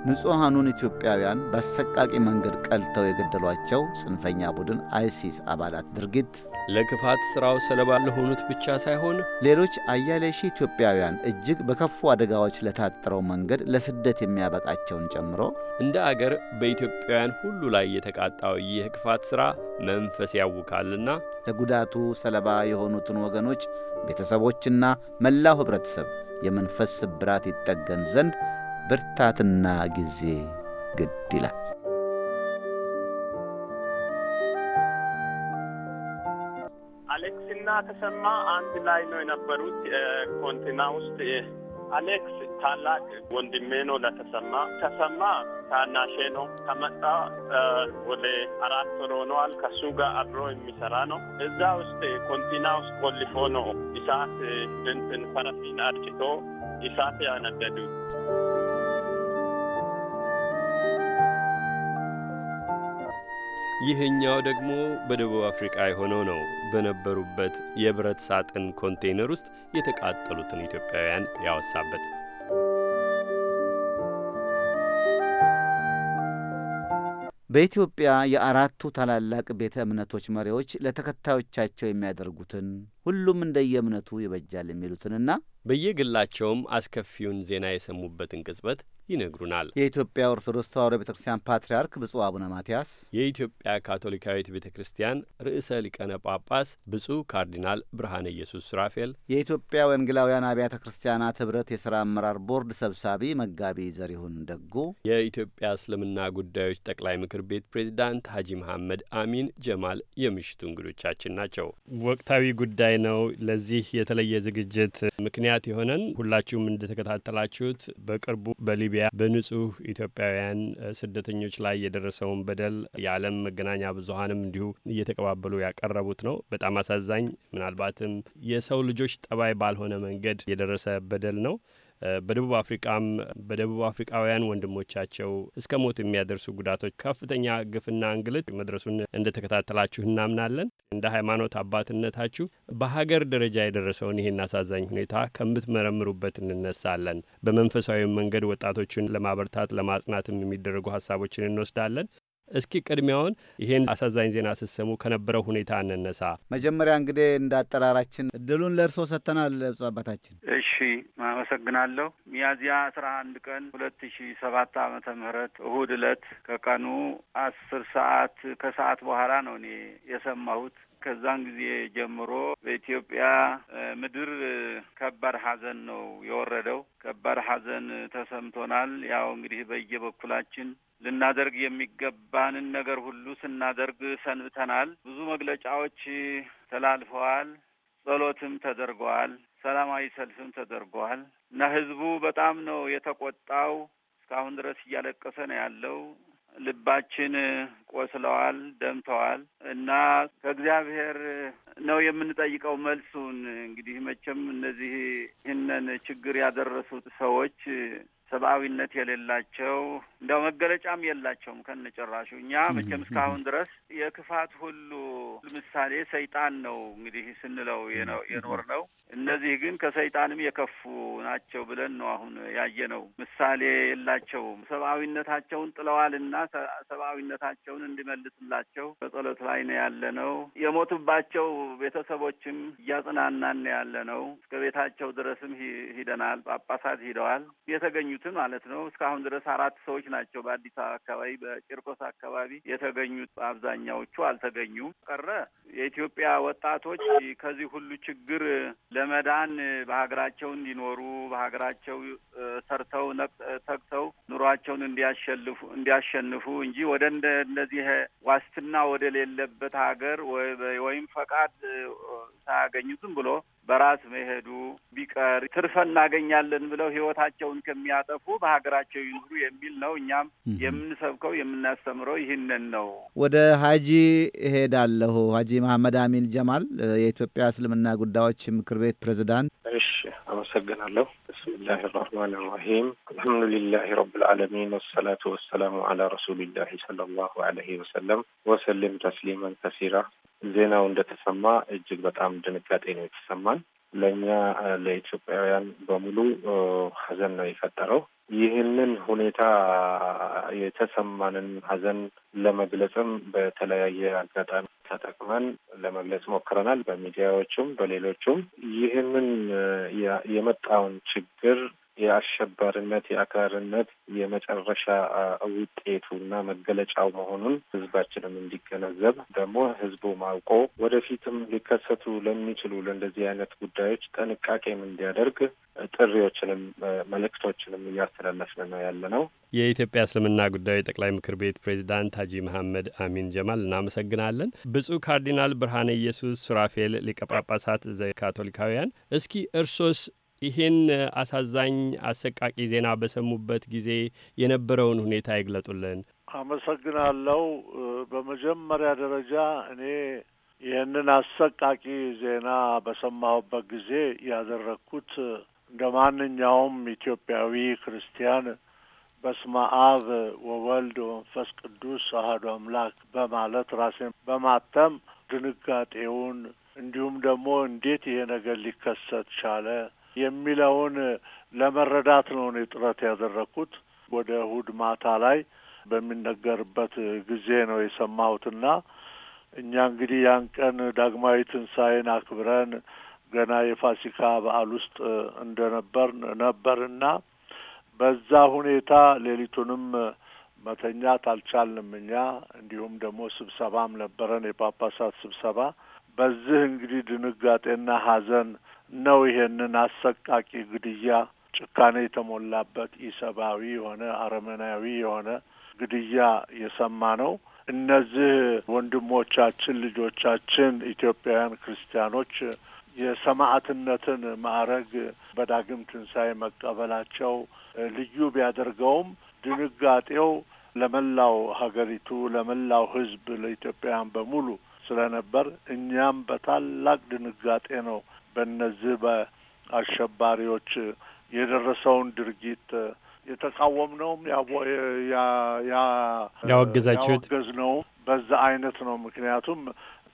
ንጹሐኑን ኢትዮጵያውያን በአሰቃቂ መንገድ ቀልተው የገደሏቸው ጽንፈኛ ቡድን አይሲስ አባላት ድርጊት ለክፋት ሥራው ሰለባ ለሆኑት ብቻ ሳይሆን ሌሎች አያሌ ሺህ ኢትዮጵያውያን እጅግ በከፉ አደጋዎች ለታጠረው መንገድ ለስደት የሚያበቃቸውን ጨምሮ እንደ አገር በኢትዮጵያውያን ሁሉ ላይ የተቃጣው ይህ ክፋት ሥራ መንፈስ ያውካልና ለጉዳቱ ሰለባ የሆኑትን ወገኖች ቤተሰቦችና መላው ኅብረተሰብ የመንፈስ ስብራት ይጠገን ዘንድ ብርታትና ጊዜ ግድ ይላል። እና ተሰማ አንድ ላይ ነው የነበሩት ኮንቲና ውስጥ። አሌክስ ታላቅ ወንድሜ ነው ለተሰማ። ተሰማ ታናሼ ነው። ከመጣ ወደ አራት ወር ሆነዋል። ከሱ ጋር አብሮ የሚሰራ ነው። እዛ ውስጥ ኮንቲና ውስጥ ቆልፎ ነው እሳት እንትን ፈረፊን አርጭቶ እሳት ያነደዱ ይህኛው ደግሞ በደቡብ አፍሪቃ የሆነው ነው። በነበሩበት የብረት ሳጥን ኮንቴይነር ውስጥ የተቃጠሉትን ኢትዮጵያውያን ያወሳበት በኢትዮጵያ የአራቱ ታላላቅ ቤተ እምነቶች መሪዎች ለተከታዮቻቸው የሚያደርጉትን ሁሉም እንደየእምነቱ ይበጃል የሚሉትንና በየግላቸውም አስከፊውን ዜና የሰሙበትን ቅጽበት ይነግሩናል። የኢትዮጵያ ኦርቶዶክስ ተዋሕዶ ቤተ ክርስቲያን ፓትርያርክ ብፁዕ አቡነ ማትያስ፣ የኢትዮጵያ ካቶሊካዊት ቤተ ክርስቲያን ርዕሰ ሊቀነ ጳጳስ ብፁዕ ካርዲናል ብርሃነ ኢየሱስ ሱራፌል፣ የኢትዮጵያ ወንጌላውያን አብያተ ክርስቲያናት ኅብረት የሥራ አመራር ቦርድ ሰብሳቢ መጋቢ ዘሪሁን ደጉ፣ የኢትዮጵያ እስልምና ጉዳዮች ጠቅላይ ምክር ቤት ፕሬዚዳንት ሀጂ መሐመድ አሚን ጀማል የምሽቱ እንግዶቻችን ናቸው። ወቅታዊ ጉዳይ ነው። ለዚህ የተለየ ዝግጅት ምክንያት የሆነን ሁላችሁም እንደተከታተላችሁት በቅርቡ በሊቢያ ሊቢያ በንጹህ ኢትዮጵያውያን ስደተኞች ላይ የደረሰውን በደል የዓለም መገናኛ ብዙሀንም እንዲሁ እየተቀባበሉ ያቀረቡት ነው። በጣም አሳዛኝ ምናልባትም የሰው ልጆች ጠባይ ባልሆነ መንገድ የደረሰ በደል ነው። በደቡብ አፍሪቃም በደቡብ አፍሪቃውያን ወንድሞቻቸው እስከ ሞት የሚያደርሱ ጉዳቶች ከፍተኛ ግፍና እንግልት መድረሱን እንደተከታተላችሁ እናምናለን። እንደ ሃይማኖት አባትነታችሁ በሀገር ደረጃ የደረሰውን ይህን አሳዛኝ ሁኔታ ከምትመረምሩበት እንነሳለን። በመንፈሳዊ መንገድ ወጣቶችን ለማበርታት ለማጽናትም የሚደረጉ ሀሳቦችን እንወስዳለን። እስኪ ቅድሚያውን ይሄን አሳዛኝ ዜና ስሰሙ ከነበረው ሁኔታ እንነሳ። መጀመሪያ እንግዲህ እንዳጠራራችን እድሉን ለእርሶ ሰጥተናል። ብፁዕ አባታችን እሺ፣ አመሰግናለሁ። ሚያዝያ አስራ አንድ ቀን ሁለት ሺ ሰባት አመተ ምህረት እሁድ እለት ከቀኑ አስር ሰዓት ከሰዓት በኋላ ነው እኔ የሰማሁት። ከዛን ጊዜ ጀምሮ በኢትዮጵያ ምድር ከባድ ሐዘን ነው የወረደው። ከባድ ሐዘን ተሰምቶናል። ያው እንግዲህ በየበኩላችን ልናደርግ የሚገባንን ነገር ሁሉ ስናደርግ ሰንብተናል። ብዙ መግለጫዎች ተላልፈዋል። ጸሎትም ተደርገዋል። ሰላማዊ ሰልፍም ተደርገዋል እና ህዝቡ በጣም ነው የተቆጣው። እስካሁን ድረስ እያለቀሰ ነው ያለው። ልባችን ቆስለዋል፣ ደምተዋል እና ከእግዚአብሔር ነው የምንጠይቀው መልሱን። እንግዲህ መቼም እነዚህ ይህንን ችግር ያደረሱት ሰዎች ሰብአዊነት የሌላቸው እንዲያው መገለጫም የላቸውም ከነጨራሹ። እኛ መቼም እስካሁን ድረስ የክፋት ሁሉ ምሳሌ ሰይጣን ነው እንግዲህ ስንለው የኖር ነው። እነዚህ ግን ከሰይጣንም የከፉ ናቸው ብለን ነው አሁን ያየ ነው። ምሳሌ የላቸውም። ሰብአዊነታቸውን ጥለዋልና ሰብአዊነታቸውን እንዲመልስላቸው በጸሎት ላይ ነው ያለ ነው። የሞቱባቸው ቤተሰቦችም እያጽናናን ነው ያለ ነው። እስከ ቤታቸው ድረስም ሂደናል። ጳጳሳት ሂደዋል። የተገኙ የተገኙትን ማለት ነው። እስካሁን ድረስ አራት ሰዎች ናቸው በአዲስ አበባ አካባቢ በጭርቆስ አካባቢ የተገኙት። አብዛኛዎቹ አልተገኙም። ቀረ የኢትዮጵያ ወጣቶች ከዚህ ሁሉ ችግር ለመዳን በሀገራቸው እንዲኖሩ በሀገራቸው ሰርተው ተግተው ኑሯቸውን እንዲያሸልፉ እንዲያሸንፉ እንጂ ወደ እንደዚህ ዋስትና ወደ ሌለበት ሀገር ወይም ፈቃድ ሳያገኙ ዝም ብሎ በራስ መሄዱ ቢቀር ትርፈ እናገኛለን ብለው ህይወታቸውን ከሚያጠፉ በሀገራቸው ይኑሩ የሚል ነው። እኛም የምንሰብከው የምናስተምረው ይህንን ነው። ወደ ሀጂ እሄዳለሁ። ሀጂ መሐመድ አሚን ጀማል የኢትዮጵያ እስልምና ጉዳዮች ምክር ቤት ፕሬዝዳንት። እሺ፣ አመሰግናለሁ። ብስሚላህ ራህማን ራሂም አልሐምዱሊላህ ረብልዓለሚን ወሰላቱ ወሰላሙ አላ ረሱሊላህ ሰለላሁ አለይህ ወሰለም ወሰልም ተስሊመን ከሲራ ዜናው እንደተሰማ እጅግ በጣም ድንጋጤ ነው የተሰማን። ለእኛ ለኢትዮጵያውያን በሙሉ ሀዘን ነው የፈጠረው። ይህንን ሁኔታ የተሰማንን ሀዘን ለመግለጽም በተለያየ አጋጣሚ ተጠቅመን ለመግለጽ ሞክረናል፣ በሚዲያዎችም በሌሎችም ይህንን የመጣውን ችግር የአሸባሪነት የአክራሪነት የመጨረሻ ውጤቱ እና መገለጫው መሆኑን ህዝባችንም እንዲገነዘብ ደግሞ ህዝቡ አውቆ ወደፊትም ሊከሰቱ ለሚችሉ ለእንደዚህ አይነት ጉዳዮች ጥንቃቄም እንዲያደርግ ጥሪዎችንም መልእክቶችንም እያስተላለፍን ነው ያለ ነው። የኢትዮጵያ እስልምና ጉዳዮች ጠቅላይ ምክር ቤት ፕሬዚዳንት ሀጂ መሐመድ አሚን ጀማል እናመሰግናለን። ብፁዕ ካርዲናል ብርሃነ ኢየሱስ ሱራፌል ሊቀ ጳጳሳት ዘካቶሊካውያን፣ እስኪ እርሶስ ይህን አሳዛኝ አሰቃቂ ዜና በሰሙበት ጊዜ የነበረውን ሁኔታ ይግለጡልን። አመሰግናለሁ። በመጀመሪያ ደረጃ እኔ ይህንን አሰቃቂ ዜና በሰማሁበት ጊዜ ያደረግኩት እንደ ማንኛውም ኢትዮጵያዊ ክርስቲያን በስመ አብ ወወልድ ወመንፈስ ቅዱስ አህዶ አምላክ በማለት ራሴን በማተም ድንጋጤውን እንዲሁም ደግሞ እንዴት ይሄ ነገር ሊከሰት ቻለ የሚለውን ለመረዳት ነው እኔ ጥረት ያደረግኩት። ወደ እሁድ ማታ ላይ በሚነገርበት ጊዜ ነው የሰማሁትና እኛ እንግዲህ ያን ቀን ዳግማዊ ትንሣኤን አክብረን ገና የፋሲካ በዓል ውስጥ እንደነበር ነበርና በዛ ሁኔታ ሌሊቱንም መተኛት አልቻልንም። እኛ እንዲሁም ደግሞ ስብሰባም ነበረን፣ የጳጳሳት ስብሰባ። በዚህ እንግዲህ ድንጋጤና ሐዘን ነው ይሄንን አሰቃቂ ግድያ ጭካኔ የተሞላበት ኢሰብአዊ የሆነ አረመናዊ የሆነ ግድያ የሰማ ነው። እነዚህ ወንድሞቻችን ልጆቻችን ኢትዮጵያውያን ክርስቲያኖች የሰማዕትነትን ማዕረግ በዳግም ትንሣኤ መቀበላቸው ልዩ ቢያደርገውም ድንጋጤው ለመላው ሀገሪቱ ለመላው ሕዝብ ለኢትዮጵያውያን በሙሉ ስለነበር እኛም በታላቅ ድንጋጤ ነው በእነዚህ በአሸባሪዎች የደረሰውን ድርጊት የተቃወም ነውም ያወገዛችሁት ነው። በዛ አይነት ነው። ምክንያቱም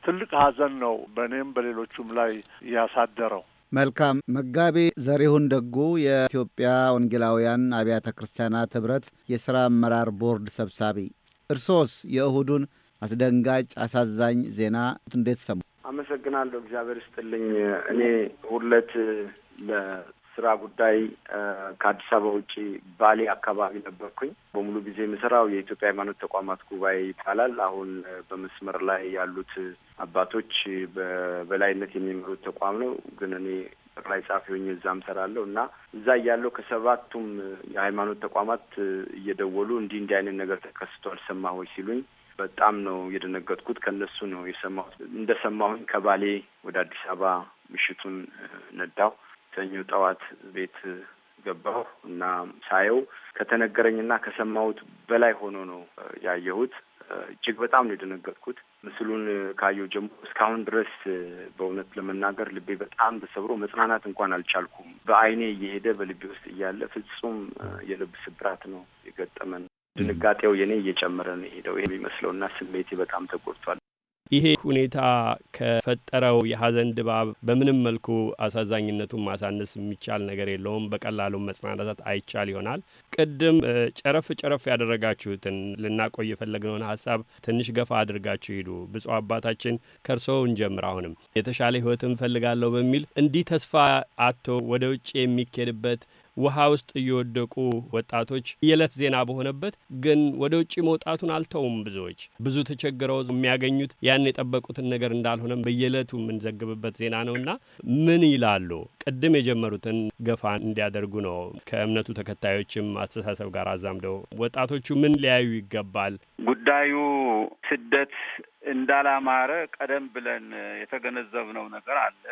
ትልቅ ሀዘን ነው በእኔም በሌሎቹም ላይ ያሳደረው። መልካም መጋቢ ዘሪሁን ደጉ የኢትዮጵያ ወንጌላውያን አብያተ ክርስቲያናት ኅብረት የሥራ አመራር ቦርድ ሰብሳቢ፣ እርሶስ የእሁዱን አስደንጋጭ አሳዛኝ ዜና እንዴት ሰሙ? አመሰግናለሁ። እግዚአብሔር ይስጥልኝ። እኔ ሁለት ለስራ ጉዳይ ከአዲስ አበባ ውጭ ባሌ አካባቢ ነበርኩኝ። በሙሉ ጊዜ የምሰራው የኢትዮጵያ ሃይማኖት ተቋማት ጉባኤ ይባላል። አሁን በመስመር ላይ ያሉት አባቶች በበላይነት የሚመሩት ተቋም ነው። ግን እኔ ጠቅላይ ጻፊ ሆኜ እዛም እሰራለሁ እና እዛ እያለሁ ከሰባቱም የሃይማኖት ተቋማት እየደወሉ እንዲህ እንዲህ አይነት ነገር ተከስቷል ሰማህ ሲሉኝ በጣም ነው የደነገጥኩት። ከነሱ ነው የሰማሁት። እንደሰማሁኝ ከባሌ ወደ አዲስ አበባ ምሽቱን ነዳው። ሰኞ ጠዋት ቤት ገባሁ እና ሳየው ከተነገረኝና ከሰማሁት በላይ ሆኖ ነው ያየሁት። እጅግ በጣም ነው የደነገጥኩት። ምስሉን ካየሁ ጀምሮ እስካሁን ድረስ በእውነት ለመናገር ልቤ በጣም ተሰብሮ መጽናናት እንኳን አልቻልኩም። በአይኔ እየሄደ በልቤ ውስጥ እያለ ፍጹም የልብ ስብራት ነው የገጠመን። ድንጋጤው የኔ እየጨመረ ነው የሄደው ይሄ የሚመስለው የሚመስለውና ስሜቴ በጣም ተጎድቷል። ይሄ ሁኔታ ከፈጠረው የሀዘን ድባብ በምንም መልኩ አሳዛኝነቱን ማሳነስ የሚቻል ነገር የለውም። በቀላሉ መጽናናታት አይቻል ይሆናል። ቅድም ጨረፍ ጨረፍ ያደረጋችሁትን ልናቆይ የፈለግነውን ሀሳብ ትንሽ ገፋ አድርጋችሁ ሂዱ። ብፁዕ አባታችን ከእርስዎ እንጀምር። አሁንም የተሻለ ሕይወት እንፈልጋለሁ በሚል እንዲህ ተስፋ አቶ ወደ ውጭ የሚኬድበት ውሃ ውስጥ እየወደቁ ወጣቶች የዕለት ዜና በሆነበት ግን ወደ ውጭ መውጣቱን አልተውም። ብዙዎች ብዙ ተቸግረው የሚያገኙት ያን የጠበቁትን ነገር እንዳልሆነ በየዕለቱ የምንዘግብበት ዜና ነውና ምን ይላሉ? ቅድም የጀመሩትን ገፋ እንዲያደርጉ ነው። ከእምነቱ ተከታዮችም አስተሳሰብ ጋር አዛምደው ወጣቶቹ ምን ሊያዩ ይገባል? ጉዳዩ ስደት እንዳላማረ ቀደም ብለን የተገነዘብነው ነገር አለ።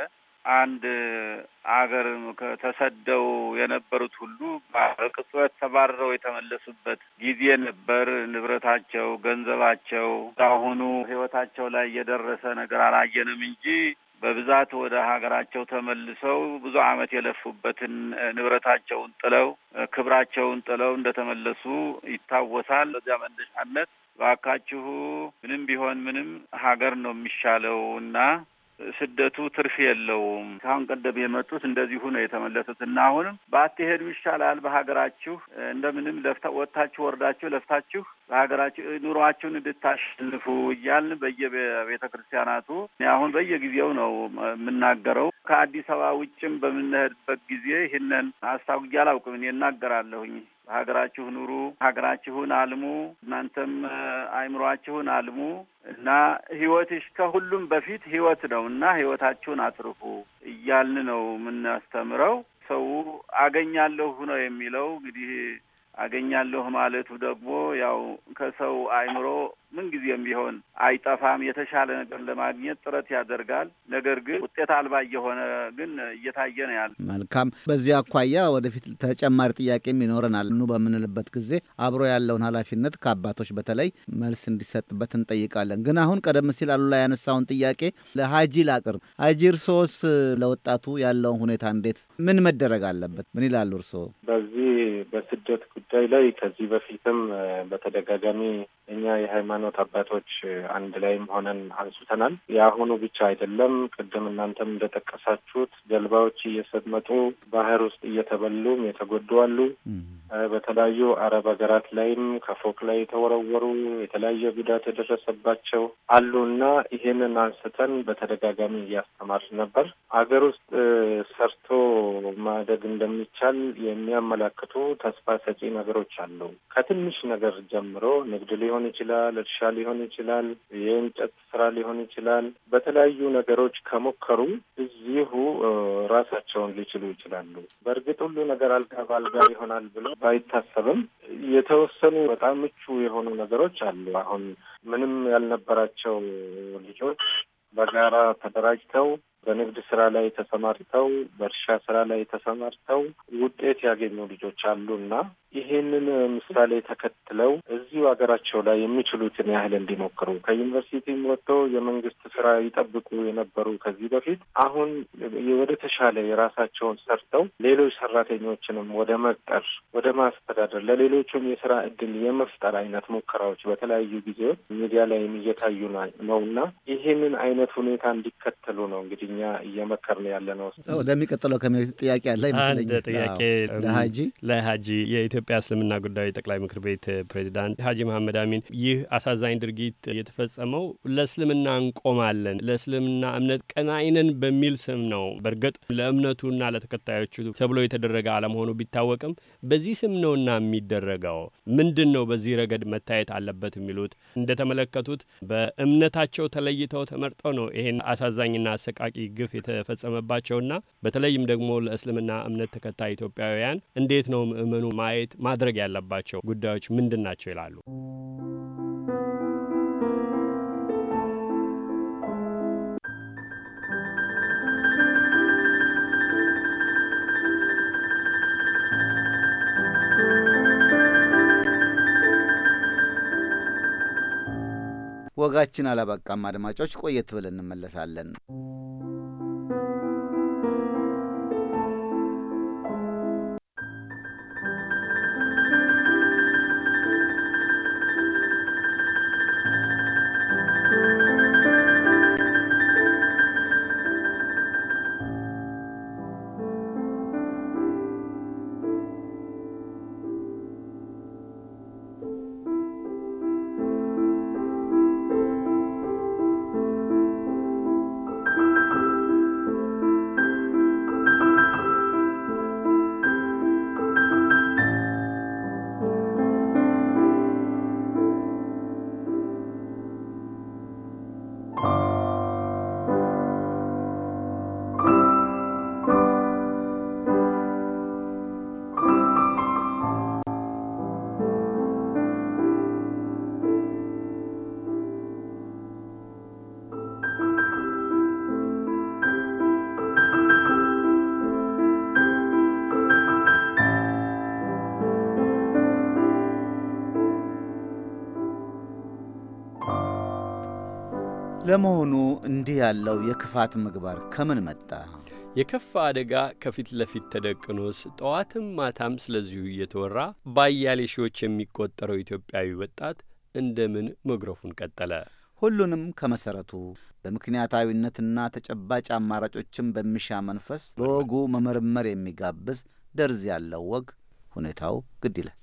አንድ አገር ተሰደው የነበሩት ሁሉ በቅጽበት ተባረው የተመለሱበት ጊዜ ነበር። ንብረታቸው፣ ገንዘባቸው አሁኑ ህይወታቸው ላይ የደረሰ ነገር አላየንም እንጂ በብዛት ወደ ሀገራቸው ተመልሰው ብዙ ዓመት የለፉበትን ንብረታቸውን ጥለው ክብራቸውን ጥለው እንደተመለሱ ይታወሳል። በዚያ መነሻነት እባካችሁ ምንም ቢሆን ምንም ሀገር ነው የሚሻለው እና ስደቱ ትርፍ የለውም። ከአሁን ቀደም የመጡት እንደዚሁ ነው የተመለሱት እና አሁንም ባትሄዱ ይሻላል። በሀገራችሁ እንደምንም ለፍታ ወጥታችሁ ወርዳችሁ ለፍታችሁ በሀገራችሁ ኑሯችሁን እንድታሸንፉ እያልን በየቤተ ክርስቲያናቱ አሁን በየጊዜው ነው የምናገረው። ከአዲስ አበባ ውጭም በምንሄድበት ጊዜ ይህንን አስታውጌ አላውቅም። እኔ እናገራለሁኝ። በሀገራችሁ ኑሩ፣ ሀገራችሁን አልሙ፣ እናንተም አይምሯችሁን አልሙ እና ህይወትሽ ከሁሉም በፊት ህይወት ነው እና ህይወታችሁን አትርፉ እያልን ነው የምናስተምረው። ሰው አገኛለሁ ነው የሚለው እንግዲህ አገኛለሁ ማለቱ ደግሞ ያው ከሰው አይምሮ ምንጊዜም ቢሆን አይጠፋም። የተሻለ ነገር ለማግኘት ጥረት ያደርጋል። ነገር ግን ውጤት አልባ እየሆነ ግን እየታየ ነው ያለ። መልካም። በዚህ አኳያ ወደፊት ተጨማሪ ጥያቄም ይኖረናል። ኑ በምንልበት ጊዜ አብሮ ያለውን ኃላፊነት ከአባቶች በተለይ መልስ እንዲሰጥበት እንጠይቃለን። ግን አሁን ቀደም ሲል አሉላ ያነሳውን ጥያቄ ለሀጂ ላቅርብ። ሀጂ እርስዎስ ለወጣቱ ያለውን ሁኔታ እንዴት ምን መደረግ አለበት? ምን ይላሉ እርስዎ በዚህ በስደት ጉዳይ ላይ ከዚህ በፊትም በተደጋጋሚ እኛ የሃይማኖት አባቶች አንድ ላይም ሆነን አንስተናል። የአሁኑ ብቻ አይደለም። ቅድም እናንተም እንደጠቀሳችሁት ጀልባዎች እየሰመጡ ባህር ውስጥ እየተበሉም የተጎዱ አሉ። በተለያዩ አረብ ሀገራት ላይም ከፎቅ ላይ የተወረወሩ የተለያየ ጉዳት የደረሰባቸው አሉ እና ይህንን አንስተን በተደጋጋሚ እያስተማር ነበር። አገር ውስጥ ሰርቶ ማደግ እንደሚቻል የሚያመላክቱ ተስፋ ሰጪ ነገሮች አሉ። ከትንሽ ነገር ጀምሮ ንግድ ሊሆን ሊሆን ይችላል፣ እርሻ ሊሆን ይችላል፣ የእንጨት ስራ ሊሆን ይችላል። በተለያዩ ነገሮች ከሞከሩ እዚሁ ራሳቸውን ሊችሉ ይችላሉ። በእርግጥ ሁሉ ነገር አልጋ በአልጋ ይሆናል ብሎ ባይታሰብም የተወሰኑ በጣም ምቹ የሆኑ ነገሮች አሉ። አሁን ምንም ያልነበራቸው ልጆች በጋራ ተደራጅተው በንግድ ስራ ላይ ተሰማርተው በእርሻ ስራ ላይ ተሰማርተው ውጤት ያገኙ ልጆች አሉ እና ይህንን ምሳሌ ተከትለው እዚሁ ሀገራቸው ላይ የሚችሉትን ያህል እንዲሞክሩ ከዩኒቨርሲቲም ወጥተው የመንግስት ስራ ይጠብቁ የነበሩ ከዚህ በፊት አሁን ወደ ተሻለ የራሳቸውን ሰርተው ሌሎች ሰራተኞችንም ወደ መቅጠር ወደ ማስተዳደር ለሌሎቹም የስራ እድል የመፍጠር አይነት ሙከራዎች በተለያዩ ጊዜዎች ሚዲያ ላይም እየታዩ ነው እና ይህንን አይነት ሁኔታ እንዲከተሉ ነው እንግዲህ እኛ ነው ያለ ነው። ለሚቀጥለው ከሚ ጥያቄ አለ ይመስለኛል። ጥያቄ ለሀጂ ለሀጂ የኢትዮጵያ እስልምና ጉዳዮች ጠቅላይ ምክር ቤት ፕሬዚዳንት ሀጂ መሐመድ አሚን ይህ አሳዛኝ ድርጊት የተፈጸመው ለእስልምና እንቆማለን፣ ለእስልምና እምነት ቀናይነን በሚል ስም ነው። በእርግጥ ለእምነቱና ለተከታዮቹ ተብሎ የተደረገ አለመሆኑ ቢታወቅም በዚህ ስም ነውና የሚደረገው ምንድን ነው? በዚህ ረገድ መታየት አለበት የሚሉት እንደተመለከቱት በእምነታቸው ተለይተው ተመርጠው ነው ይሄን አሳዛኝና አሰቃቂ ግፍ የተፈጸመባቸውና በተለይም ደግሞ ለእስልምና እምነት ተከታይ ኢትዮጵያውያን እንዴት ነው ምእመኑ ማየት ቤት ማድረግ ያለባቸው ጉዳዮች ምንድን ናቸው ይላሉ? ወጋችን አላበቃም። አድማጮች ቆየት ብለን እንመለሳለን። ለመሆኑ እንዲህ ያለው የክፋት ምግባር ከምን መጣ? የከፋ አደጋ ከፊት ለፊት ተደቅኖስ ጠዋትም ማታም ስለዚሁ እየተወራ በአያሌ ሺዎች የሚቆጠረው ኢትዮጵያዊ ወጣት እንደምን መግረፉን ቀጠለ? ሁሉንም ከመሰረቱ በምክንያታዊነትና ተጨባጭ አማራጮችን በሚሻ መንፈስ በወጉ መመርመር የሚጋብዝ ደርዝ ያለው ወግ ሁኔታው ግድ ይላል።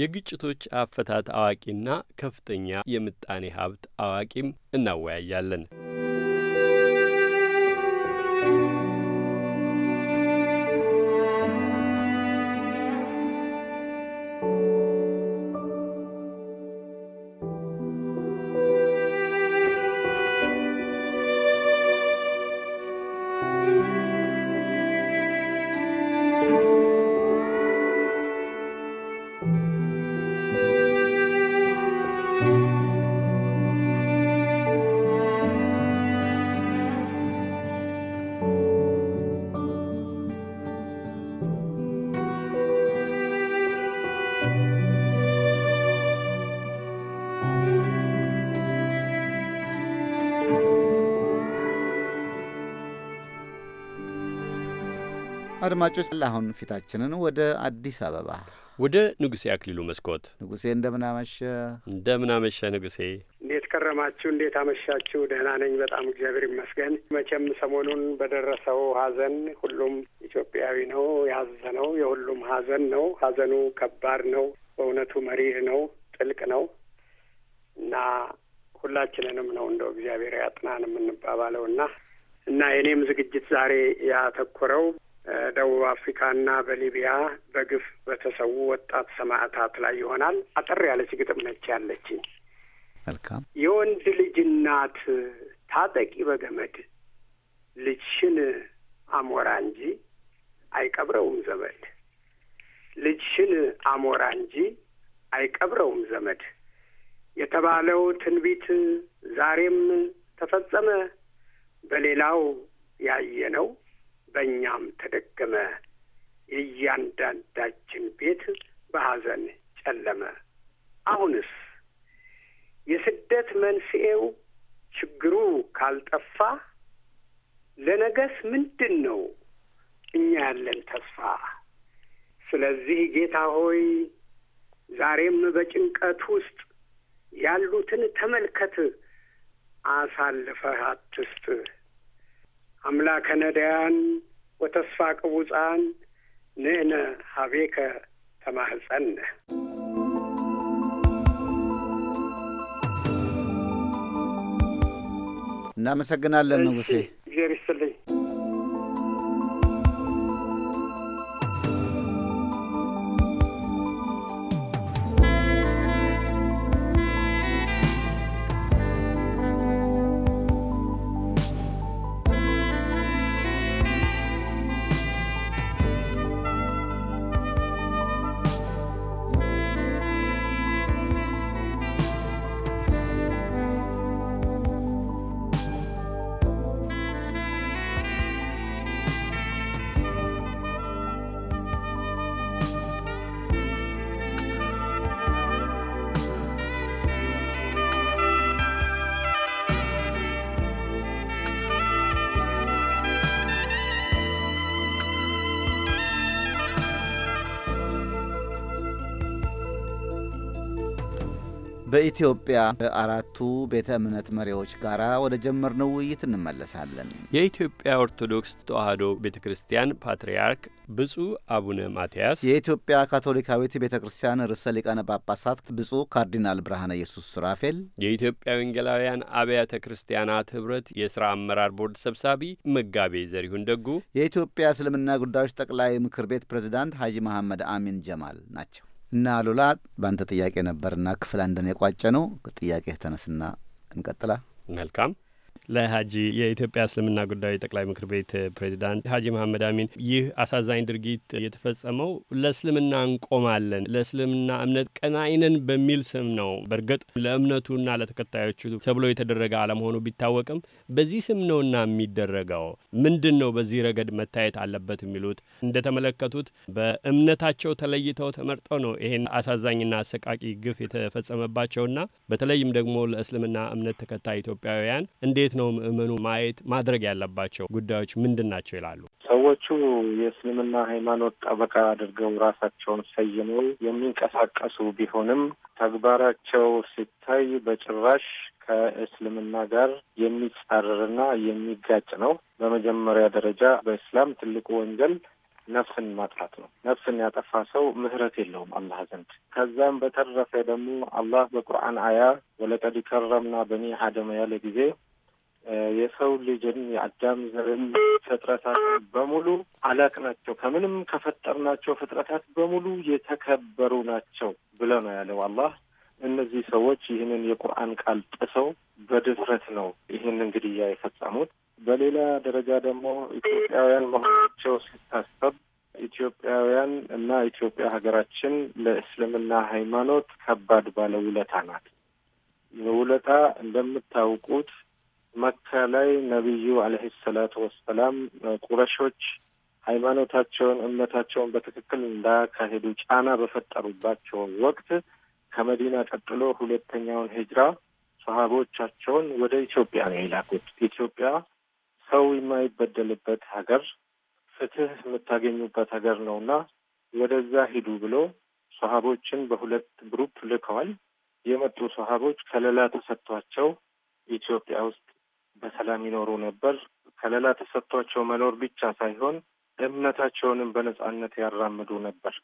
የግጭቶች አፈታት አዋቂና ከፍተኛ የምጣኔ ሀብት አዋቂም እናወያያለን። አድማጮች አሁን ፊታችንን ወደ አዲስ አበባ ወደ ንጉሴ አክሊሉ መስኮት። ንጉሴ እንደምናመሸ እንደምናመሸ ንጉሴ እንዴት ከረማችሁ? እንዴት አመሻችሁ? ደህና ነኝ በጣም እግዚአብሔር ይመስገን። መቼም ሰሞኑን በደረሰው ሀዘን ሁሉም ኢትዮጵያዊ ነው ያዘነው። የሁሉም ሀዘን ነው። ሀዘኑ ከባድ ነው። በእውነቱ መሪር ነው፣ ጥልቅ ነው እና ሁላችንንም ነው እንደው እግዚአብሔር ያጥናን የምንባባለው እና እና የእኔም ዝግጅት ዛሬ ያተኮረው ደቡብ አፍሪካና በሊቢያ በግፍ በተሰዉ ወጣት ሰማዕታት ላይ ይሆናል። አጠር ያለች ግጥም ነች ያለችኝ። መልካም የወንድ ልጅ እናት ታጠቂ በገመድ ልጅሽን አሞራ እንጂ አይቀብረውም ዘመድ ልጅሽን አሞራ እንጂ አይቀብረውም ዘመድ የተባለው ትንቢት ዛሬም ተፈጸመ በሌላው ያየነው በእኛም ተደገመ። የእያንዳንዳችን ቤት በሐዘን ጨለመ። አሁንስ የስደት መንስኤው ችግሩ ካልጠፋ ለነገስ ምንድን ነው እኛ ያለን ተስፋ? ስለዚህ ጌታ ሆይ ዛሬም በጭንቀት ውስጥ ያሉትን ተመልከት፣ አሳልፈህ አትስጥ። አምላከ ነዳያን ወተስፋ ቅቡፃን ንእነ ሀቤከ ተማህፀነ እናመሰግናለን ንጉሴ። እግዚአብሔር ይስጥልኝ። በኢትዮጵያ አራቱ ቤተ እምነት መሪዎች ጋር ወደ ጀመርነው ውይይት እንመለሳለን። የኢትዮጵያ ኦርቶዶክስ ተዋሕዶ ቤተ ክርስቲያን ፓትርያርክ ብፁዕ አቡነ ማትያስ፣ የኢትዮጵያ ካቶሊካዊት ቤተ ክርስቲያን ርዕሰ ሊቃነ ጳጳሳት ብፁዕ ካርዲናል ብርሃነ ኢየሱስ ሱራፌል፣ የኢትዮጵያ ወንጌላውያን አብያተ ክርስቲያናት ኅብረት የሥራ አመራር ቦርድ ሰብሳቢ መጋቤ ዘሪሁን ደጉ፣ የኢትዮጵያ እስልምና ጉዳዮች ጠቅላይ ምክር ቤት ፕሬዚዳንት ሐጂ መሐመድ አሚን ጀማል ናቸው። እና አሉላ በአንተ ጥያቄ ነበርና ክፍል አንድን የቋጨ ነው። ጥያቄ ተነስና እንቀጥላ። መልካም ለሀጂ የኢትዮጵያ እስልምና ጉዳዮች ጠቅላይ ምክር ቤት ፕሬዚዳንት ሀጂ መሐመድ አሚን ይህ አሳዛኝ ድርጊት የተፈጸመው ለእስልምና እንቆማለን፣ ለእስልምና እምነት ቀናይነን በሚል ስም ነው። በእርግጥ ለእምነቱና ለተከታዮቹ ተብሎ የተደረገ አለመሆኑ ቢታወቅም በዚህ ስም ነውና የሚደረገው ምንድን ነው? በዚህ ረገድ መታየት አለበት የሚሉት እንደተመለከቱት በእምነታቸው ተለይተው ተመርጠው ነው ይሄን አሳዛኝና አሰቃቂ ግፍ የተፈጸመባቸውና በተለይም ደግሞ ለእስልምና እምነት ተከታይ ኢትዮጵያውያን እንዴት እንዴት ነው ምእመኑ ማየት ማድረግ ያለባቸው ጉዳዮች ምንድን ናቸው ይላሉ? ሰዎቹ የእስልምና ሃይማኖት ጠበቃ አድርገው ራሳቸውን ሰይመው የሚንቀሳቀሱ ቢሆንም ተግባራቸው ሲታይ በጭራሽ ከእስልምና ጋር የሚጻረርና የሚጋጭ ነው። በመጀመሪያ ደረጃ በእስላም ትልቁ ወንጀል ነፍስን ማጥፋት ነው። ነፍስን ያጠፋ ሰው ምሕረት የለውም አላህ ዘንድ። ከዛም በተረፈ ደግሞ አላህ በቁርአን አያ ወለቀድ ከረምና በኒ አደመ ያለ ጊዜ የሰው ልጅን የአዳም ዘርን ፍጥረታት በሙሉ አላቅ ናቸው ከምንም ከፈጠርናቸው ፍጥረታት በሙሉ የተከበሩ ናቸው ብለ ነው ያለው አላህ። እነዚህ ሰዎች ይህንን የቁርአን ቃል ጥሰው በድፍረት ነው ይህን ግድያ የፈጸሙት። በሌላ ደረጃ ደግሞ ኢትዮጵያውያን መሆናቸው ሲታሰብ ኢትዮጵያውያን እና ኢትዮጵያ ሀገራችን ለእስልምና ሃይማኖት ከባድ ውለታ ናት። ውለታ እንደምታውቁት መካ ላይ ነቢዩ አለህ ሰላቱ ወሰላም ቁረሾች ሃይማኖታቸውን እምነታቸውን በትክክል እንዳካሄዱ ጫና በፈጠሩባቸው ወቅት ከመዲና ቀጥሎ ሁለተኛውን ሂጅራ ሰሃቦቻቸውን ወደ ኢትዮጵያ ነው የላኩት። ኢትዮጵያ ሰው የማይበደልበት ሀገር፣ ፍትህ የምታገኙበት ሀገር ነውና ወደዛ ሂዱ ብሎ ሰሃቦችን በሁለት ግሩፕ ልከዋል። የመጡ ሰሃቦች ከለላ ተሰጥቷቸው ኢትዮጵያ ውስጥ በሰላም ይኖሩ ነበር። ከለላ ተሰጥቷቸው መኖር ብቻ ሳይሆን እምነታቸውንም በነጻነት ያራምዱ ነበር።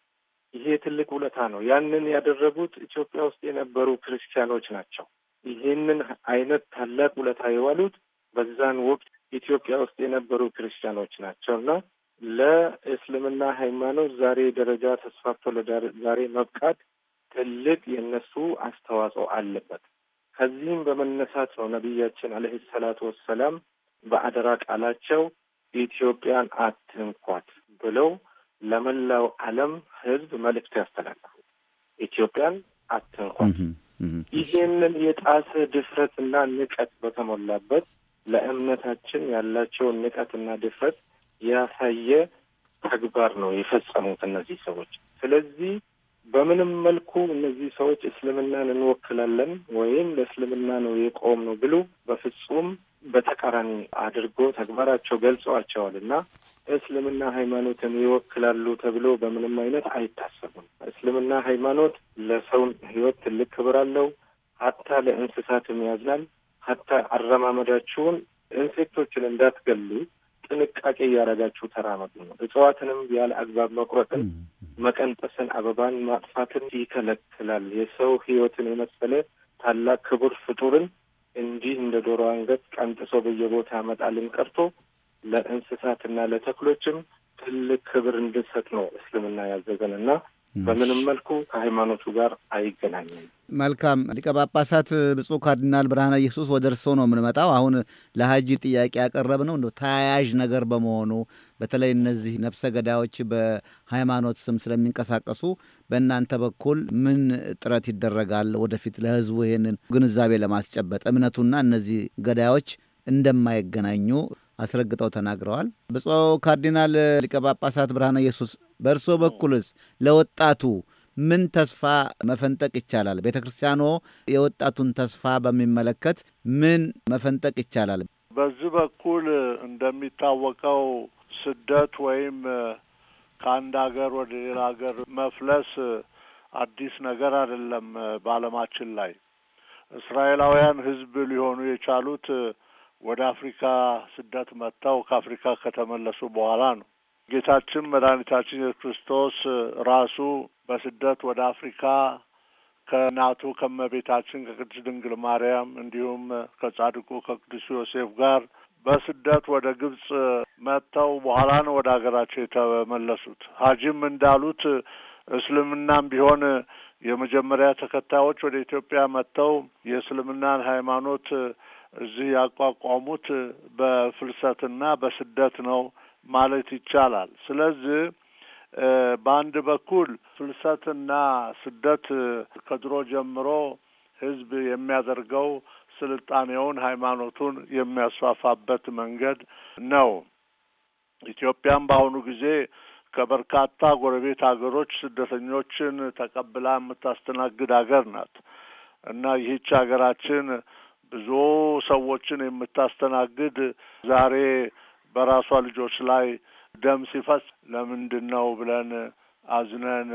ይሄ ትልቅ ውለታ ነው። ያንን ያደረጉት ኢትዮጵያ ውስጥ የነበሩ ክርስቲያኖች ናቸው። ይህንን አይነት ታላቅ ውለታ የዋሉት በዛን ወቅት ኢትዮጵያ ውስጥ የነበሩ ክርስቲያኖች ናቸው እና ለእስልምና ሃይማኖት ዛሬ ደረጃ ተስፋፍቶ ለዛሬ መብቃት ትልቅ የእነሱ አስተዋጽኦ አለበት። ከዚህም በመነሳት ነው ነቢያችን አለህ ሰላቱ ወሰላም በአደራ ቃላቸው ኢትዮጵያን አትንኳት ብለው ለመላው ዓለም ህዝብ መልእክት ያስተላልፉ። ኢትዮጵያን አትንኳት። ይህንን የጣሰ ድፍረትና ንቀት በተሞላበት ለእምነታችን ያላቸውን ንቀትና ድፍረት ያሳየ ተግባር ነው የፈጸሙት እነዚህ ሰዎች። ስለዚህ በምንም መልኩ እነዚህ ሰዎች እስልምናን እንወክላለን ወይም ለእስልምና ነው የቆም ነው ብሎ በፍጹም በተቃራኒ አድርጎ ተግባራቸው ገልጸዋቸዋል እና እስልምና ሃይማኖትን ይወክላሉ ተብሎ በምንም አይነት አይታሰቡም። እስልምና ሃይማኖት ለሰው ህይወት ትልቅ ክብር አለው። ሀታ ለእንስሳትም ያዝናል። ሀታ አረማመዳችሁን ኢንሴክቶችን እንዳትገሉ ጥንቃቄ እያደረጋችሁ ተራመዱ ነው። እጽዋትንም ያለ አግባብ መቁረጥን መቀንጠስን፣ አበባን ማጥፋትን ይከለክላል። የሰው ህይወትን የመሰለ ታላቅ ክቡር ፍጡርን እንዲህ እንደ ዶሮ አንገት ቀንጥሶ በየቦታ ያመጣልን ቀርቶ ለእንስሳትና ለተክሎችም ትልቅ ክብር እንድንሰጥ ነው እስልምና ያዘዘን እና በምንም መልኩ ከሃይማኖቱ ጋር አይገናኝም። መልካም ሊቀ ጳጳሳት ብፁዕ ካርዲናል ብርሃነ ኢየሱስ ወደ እርስዎ ነው የምንመጣው። አሁን ለሀጂ ጥያቄ ያቀረብ ነው እንደ ተያያዥ ነገር በመሆኑ በተለይ እነዚህ ነፍሰ ገዳዮች በሃይማኖት ስም ስለሚንቀሳቀሱ በእናንተ በኩል ምን ጥረት ይደረጋል ወደፊት ለህዝቡ ይህንን ግንዛቤ ለማስጨበጥ እምነቱና እነዚህ ገዳዮች እንደማይገናኙ አስረግጠው ተናግረዋል። ብፁዕ ካርዲናል ሊቀ ጳጳሳት ብርሃነ ኢየሱስ በእርስዎ በኩልስ ለወጣቱ ምን ተስፋ መፈንጠቅ ይቻላል? ቤተ ክርስቲያኖ የወጣቱን ተስፋ በሚመለከት ምን መፈንጠቅ ይቻላል? በዚህ በኩል እንደሚታወቀው ስደት ወይም ከአንድ ሀገር ወደ ሌላ ሀገር መፍለስ አዲስ ነገር አይደለም። በዓለማችን ላይ እስራኤላውያን ሕዝብ ሊሆኑ የቻሉት ወደ አፍሪካ ስደት መጥተው ከአፍሪካ ከተመለሱ በኋላ ነው። ጌታችን መድኃኒታችን ኢየሱስ ክርስቶስ ራሱ በስደት ወደ አፍሪካ ከእናቱ ከመቤታችን ከቅድስት ድንግል ማርያም እንዲሁም ከጻድቁ ከቅዱስ ዮሴፍ ጋር በስደት ወደ ግብጽ መጥተው በኋላ ነው ወደ ሀገራቸው የተመለሱት። ሀጂም እንዳሉት እስልምናም ቢሆን የመጀመሪያ ተከታዮች ወደ ኢትዮጵያ መጥተው የእስልምናን ሃይማኖት እዚህ ያቋቋሙት በፍልሰትና በስደት ነው ማለት ይቻላል። ስለዚህ በአንድ በኩል ፍልሰትና ስደት ከድሮ ጀምሮ ህዝብ የሚያደርገው ስልጣኔውን፣ ሃይማኖቱን የሚያስፋፋበት መንገድ ነው። ኢትዮጵያም በአሁኑ ጊዜ ከበርካታ ጎረቤት ሀገሮች ስደተኞችን ተቀብላ የምታስተናግድ ሀገር ናት እና ይህች ሀገራችን ብዙ ሰዎችን የምታስተናግድ ዛሬ በራሷ ልጆች ላይ ደም ሲፈስ ለምንድን ነው ብለን አዝነን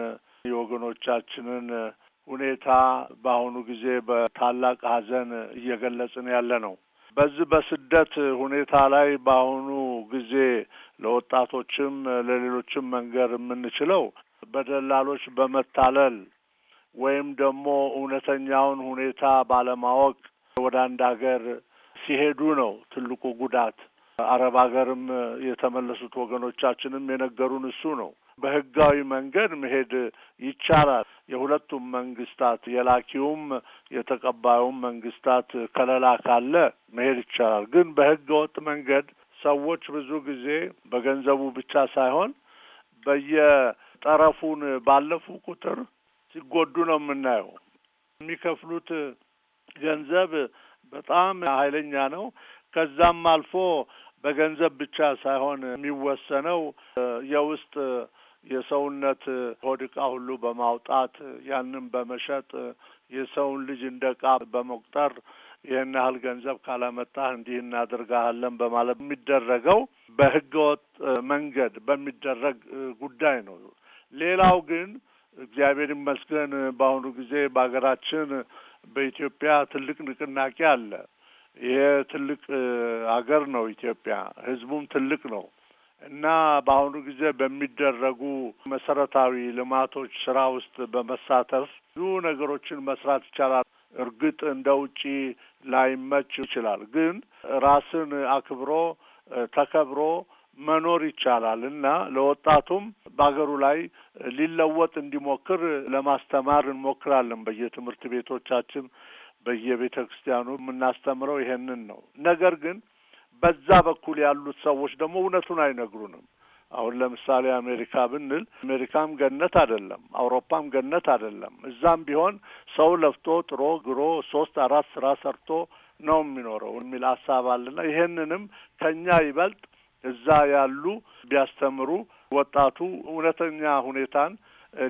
የወገኖቻችንን ሁኔታ በአሁኑ ጊዜ በታላቅ ሐዘን እየገለጽን ያለ ነው። በዚህ በስደት ሁኔታ ላይ በአሁኑ ጊዜ ለወጣቶችም ለሌሎችም መንገር የምንችለው በደላሎች በመታለል ወይም ደግሞ እውነተኛውን ሁኔታ ባለማወቅ ወደ አንድ ሀገር ሲሄዱ ነው ትልቁ ጉዳት። አረብ ሀገርም የተመለሱት ወገኖቻችንም የነገሩን እሱ ነው። በህጋዊ መንገድ መሄድ ይቻላል። የሁለቱም መንግስታት የላኪውም የተቀባዩም መንግስታት ከለላ ካለ መሄድ ይቻላል። ግን በህገ ወጥ መንገድ ሰዎች ብዙ ጊዜ በገንዘቡ ብቻ ሳይሆን በየጠረፉን ባለፉ ቁጥር ሲጎዱ ነው የምናየው። የሚከፍሉት ገንዘብ በጣም ኃይለኛ ነው። ከዛም አልፎ በገንዘብ ብቻ ሳይሆን የሚወሰነው የውስጥ የሰውነት ሆድ ዕቃ ሁሉ በማውጣት ያንን በመሸጥ የሰውን ልጅ እንደ ዕቃ በመቁጠር ይህን ያህል ገንዘብ ካላመጣህ እንዲህ እናደርግሃለን በማለት የሚደረገው በህገወጥ መንገድ በሚደረግ ጉዳይ ነው። ሌላው ግን እግዚአብሔር ይመስገን በአሁኑ ጊዜ በሀገራችን በኢትዮጵያ ትልቅ ንቅናቄ አለ። ይሄ ትልቅ አገር ነው ኢትዮጵያ፣ ህዝቡም ትልቅ ነው እና በአሁኑ ጊዜ በሚደረጉ መሰረታዊ ልማቶች ስራ ውስጥ በመሳተፍ ብዙ ነገሮችን መስራት ይቻላል። እርግጥ እንደ ውጪ ላይመች ይችላል፣ ግን ራስን አክብሮ ተከብሮ መኖር ይቻላል እና ለወጣቱም በሀገሩ ላይ ሊለወጥ እንዲሞክር ለማስተማር እንሞክራለን። በየትምህርት ቤቶቻችን በየቤተ ክርስቲያኑ የምናስተምረው ይሄንን ነው። ነገር ግን በዛ በኩል ያሉት ሰዎች ደግሞ እውነቱን አይነግሩንም። አሁን ለምሳሌ አሜሪካ ብንል አሜሪካም ገነት አይደለም፣ አውሮፓም ገነት አይደለም። እዛም ቢሆን ሰው ለፍቶ ጥሮ ግሮ ሶስት አራት ስራ ሰርቶ ነው የሚኖረው የሚል ሀሳብ አለና ይሄንንም ከኛ ይበልጥ እዛ ያሉ ቢያስተምሩ ወጣቱ እውነተኛ ሁኔታን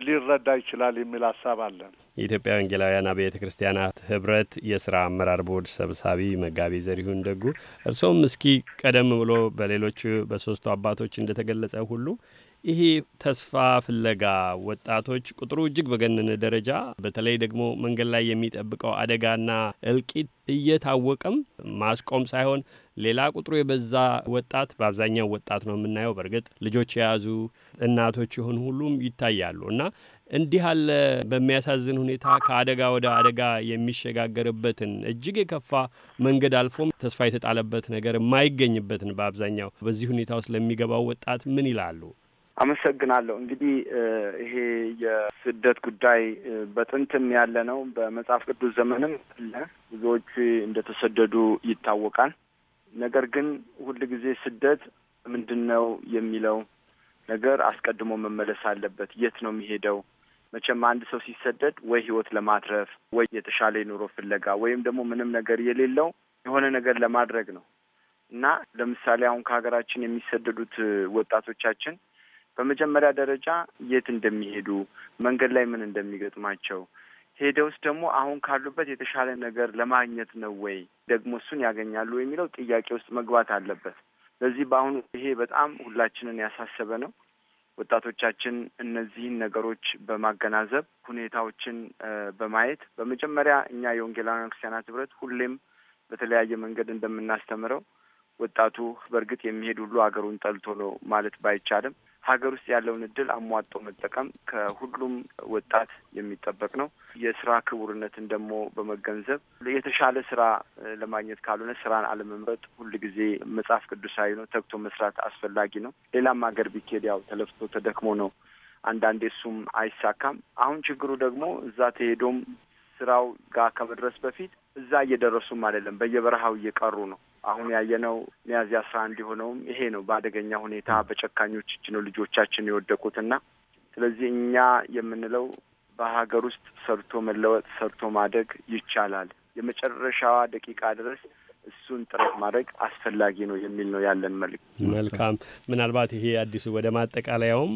ሊረዳ ይችላል የሚል ሀሳብ አለን። የኢትዮጵያ ወንጌላውያን አብያተ ክርስቲያናት ህብረት የስራ አመራር ቦርድ ሰብሳቢ መጋቢ ዘሪሁን ደጉ፣ እርስዎም እስኪ ቀደም ብሎ በሌሎቹ በሶስቱ አባቶች እንደተገለጸ ሁሉ ይሄ ተስፋ ፍለጋ ወጣቶች ቁጥሩ እጅግ በገነነ ደረጃ በተለይ ደግሞ መንገድ ላይ የሚጠብቀው አደጋና እልቂት እየታወቀም ማስቆም ሳይሆን ሌላ ቁጥሩ የበዛ ወጣት በአብዛኛው ወጣት ነው የምናየው። በእርግጥ ልጆች የያዙ እናቶች የሆኑ ሁሉም ይታያሉ እና እንዲህ አለ በሚያሳዝን ሁኔታ ከአደጋ ወደ አደጋ የሚሸጋገርበትን እጅግ የከፋ መንገድ አልፎም ተስፋ የተጣለበት ነገር የማይገኝበትን በአብዛኛው በዚህ ሁኔታ ውስጥ ለሚገባው ወጣት ምን ይላሉ? አመሰግናለሁ። እንግዲህ ይሄ የስደት ጉዳይ በጥንትም ያለ ነው፣ በመጽሐፍ ቅዱስ ዘመንም አለ። ብዙዎች እንደተሰደዱ ይታወቃል። ነገር ግን ሁልጊዜ ስደት ምንድን ነው የሚለው ነገር አስቀድሞ መመለስ አለበት። የት ነው የሚሄደው? መቼም አንድ ሰው ሲሰደድ ወይ ህይወት ለማትረፍ ወይ የተሻለ ኑሮ ፍለጋ ወይም ደግሞ ምንም ነገር የሌለው የሆነ ነገር ለማድረግ ነው እና ለምሳሌ አሁን ከሀገራችን የሚሰደዱት ወጣቶቻችን በመጀመሪያ ደረጃ የት እንደሚሄዱ መንገድ ላይ ምን እንደሚገጥማቸው ሄደውስ ደግሞ አሁን ካሉበት የተሻለ ነገር ለማግኘት ነው ወይ ደግሞ እሱን ያገኛሉ የሚለው ጥያቄ ውስጥ መግባት አለበት። ለዚህ በአሁኑ ይሄ በጣም ሁላችንን ያሳሰበ ነው። ወጣቶቻችን እነዚህን ነገሮች በማገናዘብ ሁኔታዎችን በማየት በመጀመሪያ እኛ የወንጌላውያን ክርስቲያናት ህብረት ሁሌም በተለያየ መንገድ እንደምናስተምረው ወጣቱ በእርግጥ የሚሄድ ሁሉ ሀገሩን ጠልቶ ነው ማለት ባይቻልም ሀገር ውስጥ ያለውን እድል አሟጦ መጠቀም ከሁሉም ወጣት የሚጠበቅ ነው። የስራ ክቡርነትን ደግሞ በመገንዘብ የተሻለ ስራ ለማግኘት ካልሆነ ስራን አለመምረጥ ሁልጊዜ መጽሐፍ ቅዱሳዊ ነው። ተግቶ መስራት አስፈላጊ ነው። ሌላም ሀገር ቢኬድ ያው ተለፍቶ ተደክሞ ነው። አንዳንዴ እሱም አይሳካም። አሁን ችግሩ ደግሞ እዛ ተሄዶም ስራው ጋር ከመድረስ በፊት እዛ እየደረሱም አይደለም፣ በየበረሃው እየቀሩ ነው። አሁን ያየነው ሚያዝያ አስራ አንድ የሆነውም ይሄ ነው። በአደገኛ ሁኔታ በጨካኞች እጅ ነው ልጆቻችን የወደቁትና ስለዚህ እኛ የምንለው በሀገር ውስጥ ሰርቶ መለወጥ፣ ሰርቶ ማደግ ይቻላል። የመጨረሻዋ ደቂቃ ድረስ እሱን ጥረት ማድረግ አስፈላጊ ነው የሚል ነው ያለን መልእክት። መልካም። ምናልባት ይሄ አዲሱ ወደ ማጠቃለያውም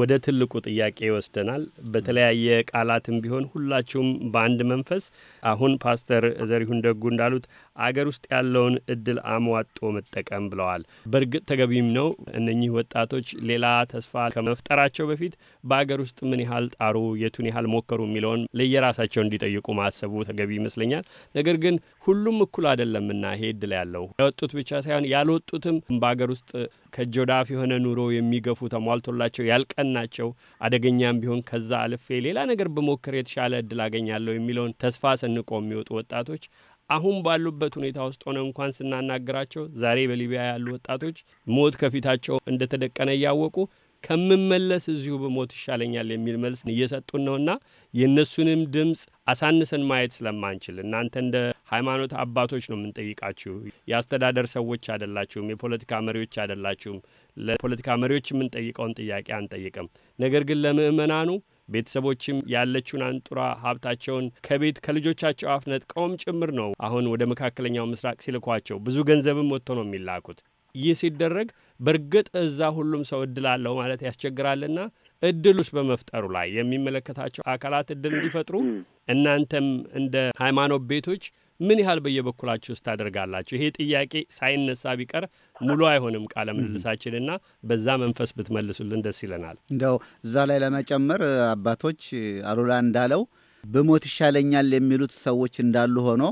ወደ ትልቁ ጥያቄ ይወስደናል። በተለያየ ቃላትም ቢሆን ሁላችሁም በአንድ መንፈስ አሁን ፓስተር ዘሪሁን ደጉ እንዳሉት አገር ውስጥ ያለውን እድል አሟጦ መጠቀም ብለዋል። በእርግጥ ተገቢም ነው። እነኚህ ወጣቶች ሌላ ተስፋ ከመፍጠራቸው በፊት በአገር ውስጥ ምን ያህል ጣሩ፣ የቱን ያህል ሞከሩ የሚለውን ለየራሳቸው እንዲጠይቁ ማሰቡ ተገቢ ይመስለኛል። ነገር ግን ሁሉም እኩል አይደለምና ይሄ እድል ያለው ያወጡት ብቻ ሳይሆን ያልወጡትም በአገር ውስጥ ከጆዳፍ የሆነ ኑሮ የሚገፉ ተሟልቶላቸው ያልቀናቸው አደገኛም ቢሆን ከዛ አልፌ ሌላ ነገር በሞከር የተሻለ እድል አገኛለሁ የሚለውን ተስፋ ሰንቆ የሚወጡ ወጣቶች አሁን ባሉበት ሁኔታ ውስጥ ሆነ እንኳን ስናናገራቸው ዛሬ በሊቢያ ያሉ ወጣቶች ሞት ከፊታቸው እንደተደቀነ እያወቁ ከምመለስ እዚሁ በሞት ይሻለኛል የሚል መልስ እየሰጡን ነውና የእነሱንም ድምፅ አሳንሰን ማየት ስለማንችል እናንተ እንደ ሃይማኖት አባቶች ነው የምንጠይቃችሁ። የአስተዳደር ሰዎች አይደላችሁም፣ የፖለቲካ መሪዎች አይደላችሁም። ለፖለቲካ መሪዎች የምንጠይቀውን ጥያቄ አንጠይቅም። ነገር ግን ለምእመናኑ ቤተሰቦችም ያለችውን አንጡራ ሀብታቸውን ከቤት ከልጆቻቸው አፍ ነጥቀውም ጭምር ነው አሁን ወደ መካከለኛው ምስራቅ ሲልኳቸው ብዙ ገንዘብም ወጥቶ ነው የሚላኩት። ይህ ሲደረግ በእርግጥ እዛ ሁሉም ሰው እድል አለው ማለት ያስቸግራልና እድል ውስጥ በመፍጠሩ ላይ የሚመለከታቸው አካላት እድል እንዲፈጥሩ እናንተም እንደ ሃይማኖት ቤቶች ምን ያህል በየበኩላችሁ ውስጥ ታደርጋላችሁ? ይሄ ጥያቄ ሳይነሳ ቢቀር ሙሉ አይሆንም ቃለ ምልልሳችንና በዛ መንፈስ ብትመልሱልን ደስ ይለናል። እንደው እዛ ላይ ለመጨመር አባቶች አሉላ እንዳለው ብሞት ይሻለኛል የሚሉት ሰዎች እንዳሉ ሆኖ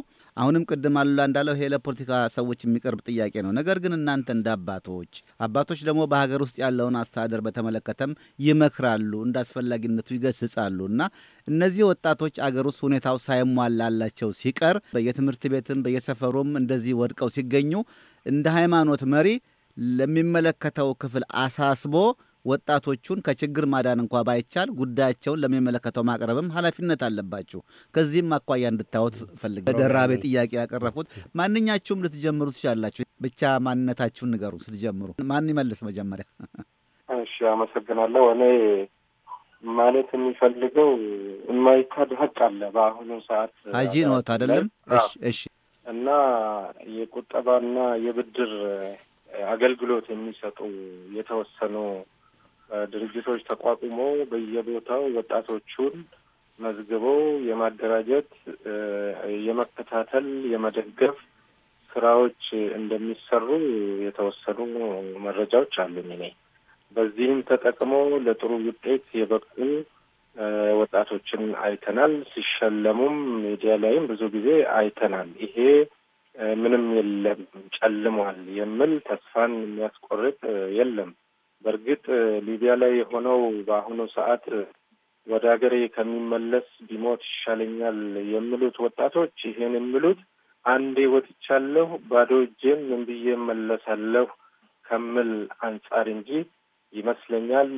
አሁንም ቅድም አሉላ እንዳለው ይሄ ለፖለቲካ ሰዎች የሚቀርብ ጥያቄ ነው። ነገር ግን እናንተ እንደ አባቶች አባቶች ደግሞ በሀገር ውስጥ ያለውን አስተዳደር በተመለከተም ይመክራሉ፣ እንደ አስፈላጊነቱ ይገስጻሉ እና እነዚህ ወጣቶች አገር ውስጥ ሁኔታው ሳይሟላላቸው ሲቀር በየትምህርት ቤትም በየሰፈሩም እንደዚህ ወድቀው ሲገኙ እንደ ሃይማኖት መሪ ለሚመለከተው ክፍል አሳስቦ ወጣቶቹን ከችግር ማዳን እንኳ ባይቻል ጉዳያቸውን ለሚመለከተው ማቅረብም ኃላፊነት አለባችሁ። ከዚህም አኳያ እንድታወት ፈልግ ደራቤ ጥያቄ ያቀረብኩት ማንኛችሁም ልትጀምሩ ትችላላችሁ። ብቻ ማንነታችሁን ንገሩ ስትጀምሩ። ማን ይመልስ መጀመሪያ? እሺ፣ አመሰግናለሁ። እኔ ማለት የሚፈልገው የማይካድ ሀቅ አለ በአሁኑ ሰዓት አጂ ነዎት አይደለም? እሺ እና የቁጠባና የብድር አገልግሎት የሚሰጡ የተወሰኑ ድርጅቶች ተቋቁሞ በየቦታው ወጣቶቹን መዝግበው የማደራጀት የመከታተል፣ የመደገፍ ስራዎች እንደሚሰሩ የተወሰኑ መረጃዎች አሉኝ። እኔ በዚህም ተጠቅሞ ለጥሩ ውጤት የበቁ ወጣቶችን አይተናል። ሲሸለሙም ሚዲያ ላይም ብዙ ጊዜ አይተናል። ይሄ ምንም የለም ጨልሟል የሚል ተስፋን የሚያስቆርጥ የለም። በእርግጥ ሊቢያ ላይ የሆነው በአሁኑ ሰዓት ወደ ሀገሬ ከሚመለስ ቢሞት ይሻለኛል የሚሉት ወጣቶች ይሄን የሚሉት አንዴ ወጥቻለሁ ባዶ እጄን ምን ብዬ ከምል አንጻር እንጂ ይመስለኛል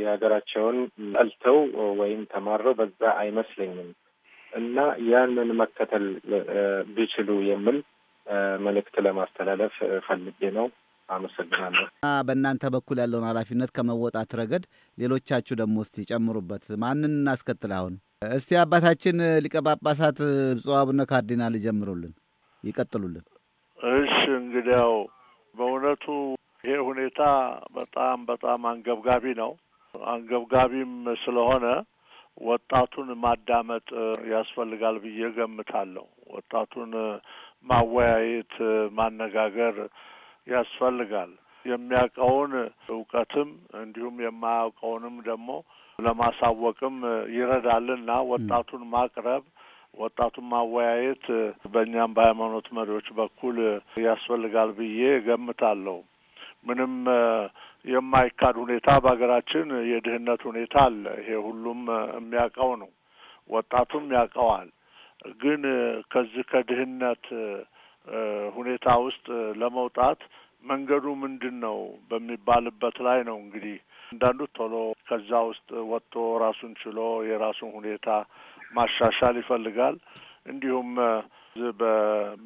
የሀገራቸውን ጠልተው ወይም ተማረው በዛ አይመስለኝም እና ያንን መከተል ቢችሉ የሚል መልእክት ለማስተላለፍ ፈልጌ ነው። አመሰግናለሁ። በእናንተ በኩል ያለውን ኃላፊነት ከመወጣት ረገድ ሌሎቻችሁ ደግሞ እስቲ ጨምሩበት። ማንን እናስከትል? አሁን እስቲ አባታችን ሊቀ ጳጳሳት ብፁዕ አቡነ ካርዲናል ይጀምሩልን፣ ይቀጥሉልን። እሺ እንግዲያው በእውነቱ ይሄ ሁኔታ በጣም በጣም አንገብጋቢ ነው። አንገብጋቢም ስለሆነ ወጣቱን ማዳመጥ ያስፈልጋል ብዬ ገምታለሁ። ወጣቱን ማወያየት፣ ማነጋገር ያስፈልጋል። የሚያውቀውን እውቀትም እንዲሁም የማያውቀውንም ደግሞ ለማሳወቅም ይረዳልና ወጣቱን ማቅረብ ወጣቱን ማወያየት በእኛም በሃይማኖት መሪዎች በኩል ያስፈልጋል ብዬ ገምታለሁ። ምንም የማይካድ ሁኔታ በሀገራችን የድህነት ሁኔታ አለ። ይሄ ሁሉም የሚያውቀው ነው፣ ወጣቱም ያውቀዋል። ግን ከዚህ ከድህነት ሁኔታ ውስጥ ለመውጣት መንገዱ ምንድን ነው በሚባልበት ላይ ነው እንግዲህ አንዳንዱ ቶሎ ከዛ ውስጥ ወጥቶ ራሱን ችሎ የራሱን ሁኔታ ማሻሻል ይፈልጋል። እንዲሁም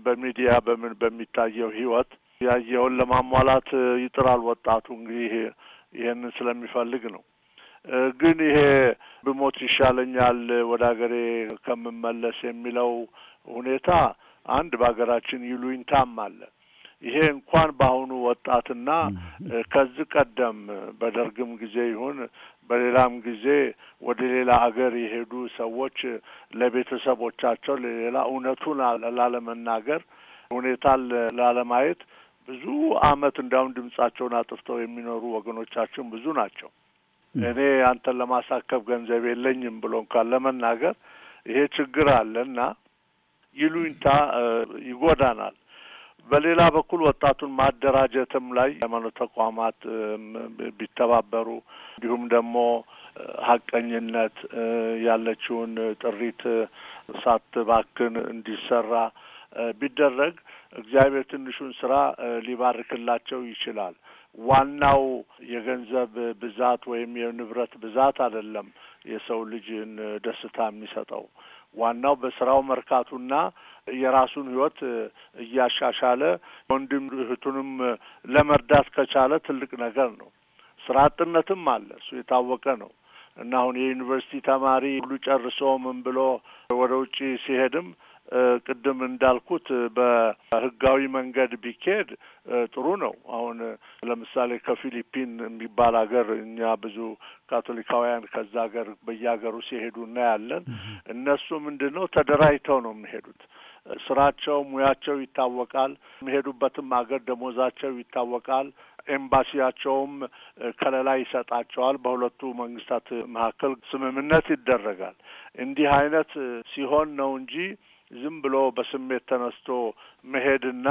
በሚዲያ በምን በሚታየው ህይወት ያየውን ለማሟላት ይጥራል። ወጣቱ እንግዲህ ይህንን ስለሚፈልግ ነው። ግን ይሄ ብሞት ይሻለኛል ወደ ሀገሬ ከምመለስ የሚለው ሁኔታ አንድ በሀገራችን ይሉኝታም አለ። ይሄ እንኳን በአሁኑ ወጣትና ከዚህ ቀደም በደርግም ጊዜ ይሁን በሌላም ጊዜ ወደ ሌላ አገር የሄዱ ሰዎች ለቤተሰቦቻቸው ለሌላ እውነቱን ላለመናገር ሁኔታን ላለማየት ብዙ አመት እንዲያውም ድምጻቸውን አጥፍተው የሚኖሩ ወገኖቻችን ብዙ ናቸው። እኔ አንተን ለማሳከብ ገንዘብ የለኝም ብሎ እንኳን ለመናገር ይሄ ችግር አለ እና ይሉኝታ ይጎዳናል። በሌላ በኩል ወጣቱን ማደራጀትም ላይ ሃይማኖት ተቋማት ቢተባበሩ እንዲሁም ደግሞ ሀቀኝነት ያለችውን ጥሪት ሳትባክን እንዲሰራ ቢደረግ እግዚአብሔር ትንሹን ስራ ሊባርክላቸው ይችላል። ዋናው የገንዘብ ብዛት ወይም የንብረት ብዛት አይደለም የሰው ልጅን ደስታ የሚሰጠው ዋናው በስራው መርካቱና የራሱን ህይወት እያሻሻለ ወንድም እህቱንም ለመርዳት ከቻለ ትልቅ ነገር ነው። ስራ አጥነትም አለ፣ እሱ የታወቀ ነው እና አሁን የዩኒቨርሲቲ ተማሪ ሁሉ ጨርሶ ምን ብሎ ወደ ውጭ ሲሄድም ቅድም እንዳልኩት በህጋዊ መንገድ ቢካሄድ ጥሩ ነው። አሁን ለምሳሌ ከፊሊፒን የሚባል ሀገር እኛ ብዙ ካቶሊካውያን ከዛ ሀገር በየሀገሩ ሲሄዱ እናያለን። እነሱ ምንድን ነው ተደራጅተው ነው የሚሄዱት። ስራቸው፣ ሙያቸው ይታወቃል። የሚሄዱበትም ሀገር ደሞዛቸው ይታወቃል። ኤምባሲያቸውም ከለላ ይሰጣቸዋል። በሁለቱ መንግስታት መካከል ስምምነት ይደረጋል። እንዲህ አይነት ሲሆን ነው እንጂ ዝም ብሎ በስሜት ተነስቶ መሄድና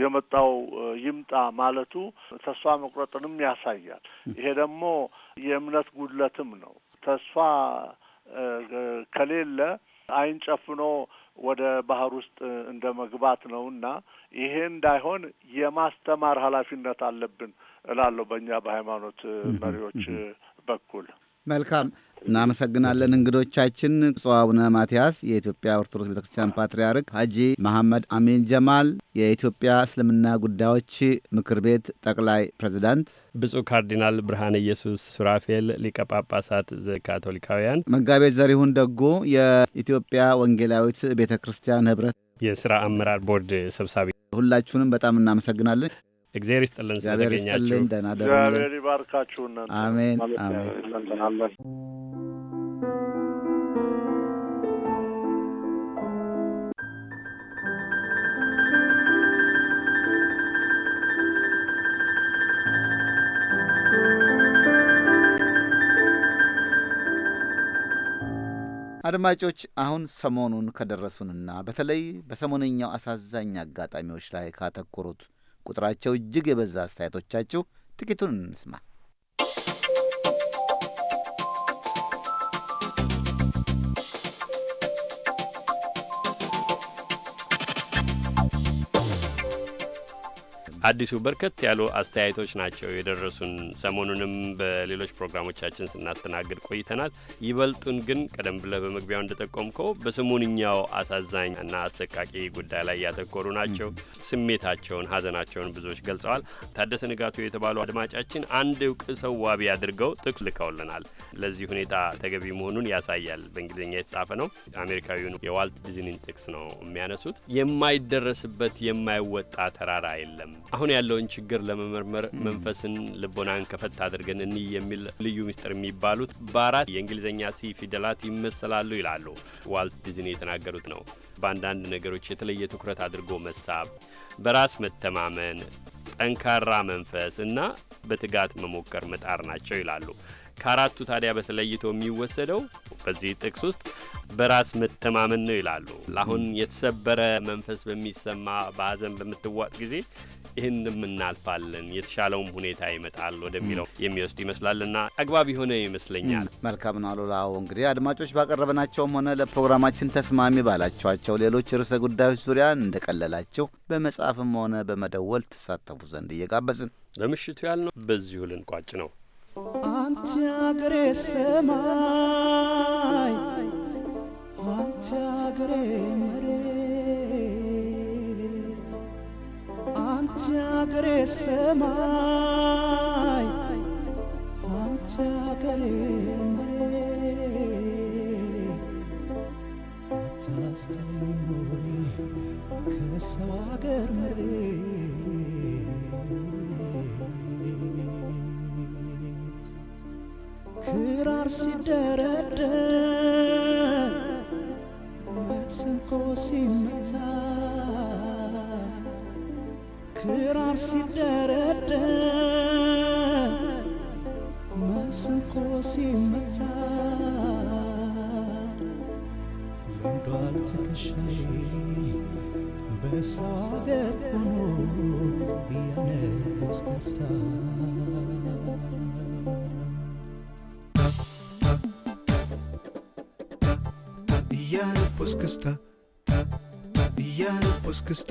የመጣው ይምጣ ማለቱ ተስፋ መቁረጥንም ያሳያል። ይሄ ደግሞ የእምነት ጉድለትም ነው። ተስፋ ከሌለ ዓይን ጨፍኖ ወደ ባህር ውስጥ እንደ መግባት ነው እና ይሄ እንዳይሆን የማስተማር ኃላፊነት አለብን እላለሁ በእኛ በሃይማኖት መሪዎች በኩል መልካም እናመሰግናለን። እንግዶቻችን ብፁዕ አቡነ ማትያስ የኢትዮጵያ ኦርቶዶክስ ክርስቲያን ፓትርያርክ፣ ሀጂ መሐመድ አሚን ጀማል የኢትዮጵያ እስልምና ጉዳዮች ምክር ቤት ጠቅላይ ፕሬዚዳንት፣ ብፁዕ ካርዲናል ብርሃነ ኢየሱስ ሱራፌል ሊቀ ጳጳሳት ዘካቶሊካውያን፣ መጋቤ ዘሪሁን ደጎ የኢትዮጵያ ወንጌላዊት ቤተ ክርስቲያን ህብረት የስራ አመራር ቦርድ ሰብሳቢ፣ ሁላችሁንም በጣም እናመሰግናለን። እግዚአብሔር ይስጥልን ስለተገኛችሁ እግዚአብሔር ይባርካችሁ። አሜን አሜን። አድማጮች አሁን ሰሞኑን ከደረሱንና በተለይ በሰሞነኛው አሳዛኝ አጋጣሚዎች ላይ ካተኮሩት ቁጥራቸው እጅግ የበዛ አስተያየቶቻችሁ ጥቂቱን እንስማ። አዲሱ በርከት ያሉ አስተያየቶች ናቸው የደረሱን። ሰሞኑንም በሌሎች ፕሮግራሞቻችን ስናስተናግድ ቆይተናል። ይበልጡን ግን ቀደም ብለህ በመግቢያው እንደጠቆምከው በሰሞንኛው አሳዛኝ እና አሰቃቂ ጉዳይ ላይ ያተኮሩ ናቸው። ስሜታቸውን፣ ሀዘናቸውን ብዙዎች ገልጸዋል። ታደሰ ንጋቱ የተባሉ አድማጫችን አንድ እውቅ ሰው ዋቢ አድርገው ጥቅስ ልከውልናል። ለዚህ ሁኔታ ተገቢ መሆኑን ያሳያል። በእንግሊዝኛ የተጻፈ ነው። አሜሪካዊውን የዋልት ዲዝኒን ጥቅስ ነው የሚያነሱት። የማይደረስበት የማይወጣ ተራራ የለም አሁን ያለውን ችግር ለመመርመር መንፈስን ልቦናን ከፈት አድርገን እኒህ የሚል ልዩ ምስጢር የሚባሉት በአራት የእንግሊዝኛ ሲ ፊደላት ይመሰላሉ ይላሉ ዋልት ዲዝኒ የተናገሩት ነው። በአንዳንድ ነገሮች የተለየ ትኩረት አድርጎ መሳብ፣ በራስ መተማመን፣ ጠንካራ መንፈስ እና በትጋት መሞከር መጣር ናቸው ይላሉ። ከአራቱ ታዲያ በተለይቶ የሚወሰደው በዚህ ጥቅስ ውስጥ በራስ መተማመን ነው ይላሉ። አሁን የተሰበረ መንፈስ በሚሰማ በሀዘን በምትዋጥ ጊዜ ይህንም እናልፋለን፣ የተሻለውም ሁኔታ ይመጣል ወደሚለው የሚወስድ ይመስላልና አግባብ የሆነ ይመስለኛል። መልካም ነው አሉላ። እንግዲህ አድማጮች ባቀረብናቸውም ሆነ ለፕሮግራማችን ተስማሚ ባላቸዋቸው ሌሎች ርዕሰ ጉዳዮች ዙሪያ እንደቀለላቸው በመጻፍም ሆነ በመደወል ትሳተፉ ዘንድ እየጋበዝን ለምሽቱ ያልነው በዚሁ ልንቋጭ ነው። አንተ አገሬ ሰማይ አንተ አገሬ መሬ አንተ አገሬ ሰማይ አንተ አገሬ መሬት አታስተኛኝ ከሰው አገር መሬት ክራር ሲደረደር መሰንቆ ሲመታ ክራር ሲደረደር መስንቆ ሲመታ ለምዷል ትከሻዬ በሰው ሆኖ እያነቦስ ከስታ ከስታ ከስታ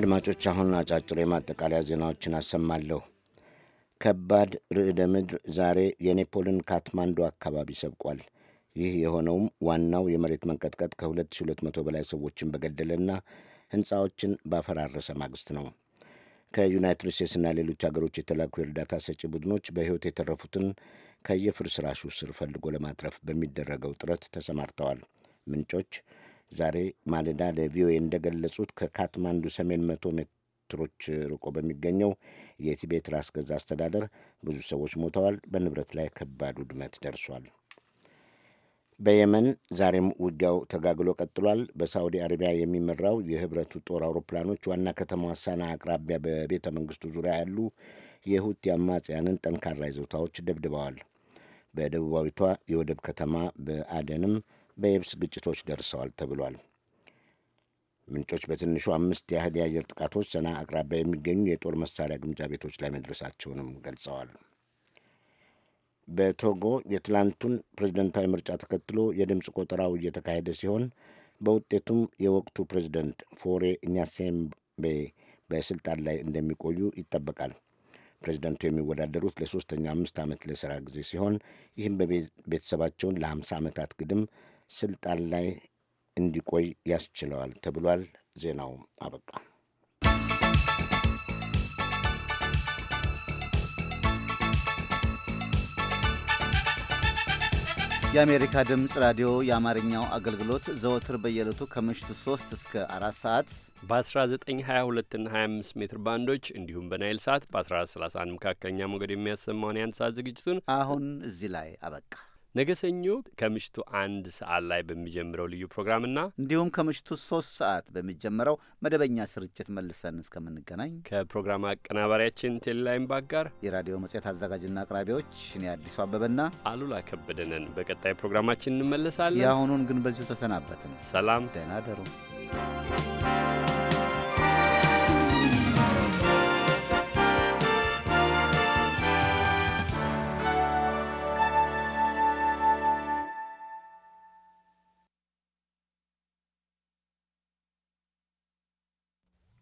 አድማጮች፣ አሁን አጫጭር የማጠቃለያ ዜናዎችን አሰማለሁ። ከባድ ርዕደ ምድር ዛሬ የኔፖልን ካትማንዶ አካባቢ ሰብቋል። ይህ የሆነውም ዋናው የመሬት መንቀጥቀጥ ከ2200 በላይ ሰዎችን በገደለና ሕንፃዎችን ባፈራረሰ ማግስት ነው። ከዩናይትድ ስቴትስና ሌሎች ሀገሮች የተላኩ የእርዳታ ሰጪ ቡድኖች በሕይወት የተረፉትን ከየፍርስራሹ ስር ፈልጎ ለማትረፍ በሚደረገው ጥረት ተሰማርተዋል። ምንጮች ዛሬ ማለዳ ለቪኦኤ እንደገለጹት ከካትማንዱ ሰሜን መቶ ሜትሮች ርቆ በሚገኘው የቲቤት ራስ ገዛ አስተዳደር ብዙ ሰዎች ሞተዋል፣ በንብረት ላይ ከባድ ውድመት ደርሷል። በየመን ዛሬም ውጊያው ተጋግሎ ቀጥሏል። በሳዑዲ አረቢያ የሚመራው የህብረቱ ጦር አውሮፕላኖች ዋና ከተማዋ ሳና አቅራቢያ በቤተ መንግስቱ ዙሪያ ያሉ የሁቲ አማጽያንን ጠንካራ ይዞታዎች ደብድበዋል። በደቡባዊቷ የወደብ ከተማ በአደንም በየብስ ግጭቶች ደርሰዋል ተብሏል። ምንጮች በትንሹ አምስት ያህል የአየር ጥቃቶች ሰና አቅራቢያ የሚገኙ የጦር መሳሪያ ግምጃ ቤቶች ላይ መድረሳቸውንም ገልጸዋል። በቶጎ የትላንቱን ፕሬዝደንታዊ ምርጫ ተከትሎ የድምፅ ቆጠራው እየተካሄደ ሲሆን በውጤቱም የወቅቱ ፕሬዝደንት ፎሬ ኛሴምቤ በስልጣን ላይ እንደሚቆዩ ይጠበቃል። ፕሬዝደንቱ የሚወዳደሩት ለሶስተኛ አምስት ዓመት ለሥራ ጊዜ ሲሆን ይህም በቤተሰባቸውን ለ50 ዓመታት ግድም ስልጣን ላይ እንዲቆይ ያስችለዋል ተብሏል። ዜናው አበቃ። የአሜሪካ ድምፅ ራዲዮ የአማርኛው አገልግሎት ዘወትር በየዕለቱ ከምሽቱ 3 እስከ 4 ሰዓት በ1922 25 ሜትር ባንዶች እንዲሁም በናይል ሰዓት በ 1131 መካከለኛ ሞገድ የሚያሰማውን የአንድ ሰዓት ዝግጅቱን አሁን እዚህ ላይ አበቃ። ነገ ሰኞ ከምሽቱ አንድ ሰዓት ላይ በሚጀምረው ልዩ ፕሮግራምና እንዲሁም ከምሽቱ ሶስት ሰዓት በሚጀምረው መደበኛ ስርጭት መልሰን እስከምንገናኝ ከፕሮግራም አቀናባሪያችን ቴሌላይምባክ ጋር የራዲዮ መጽሔት አዘጋጅና አቅራቢዎች እኔ አዲሱ አበበና አሉላ ከበደነን በቀጣይ ፕሮግራማችን እንመለሳለን። የአሁኑን ግን በዚሁ ተሰናበትን። ሰላም፣ ደህና ደሩ።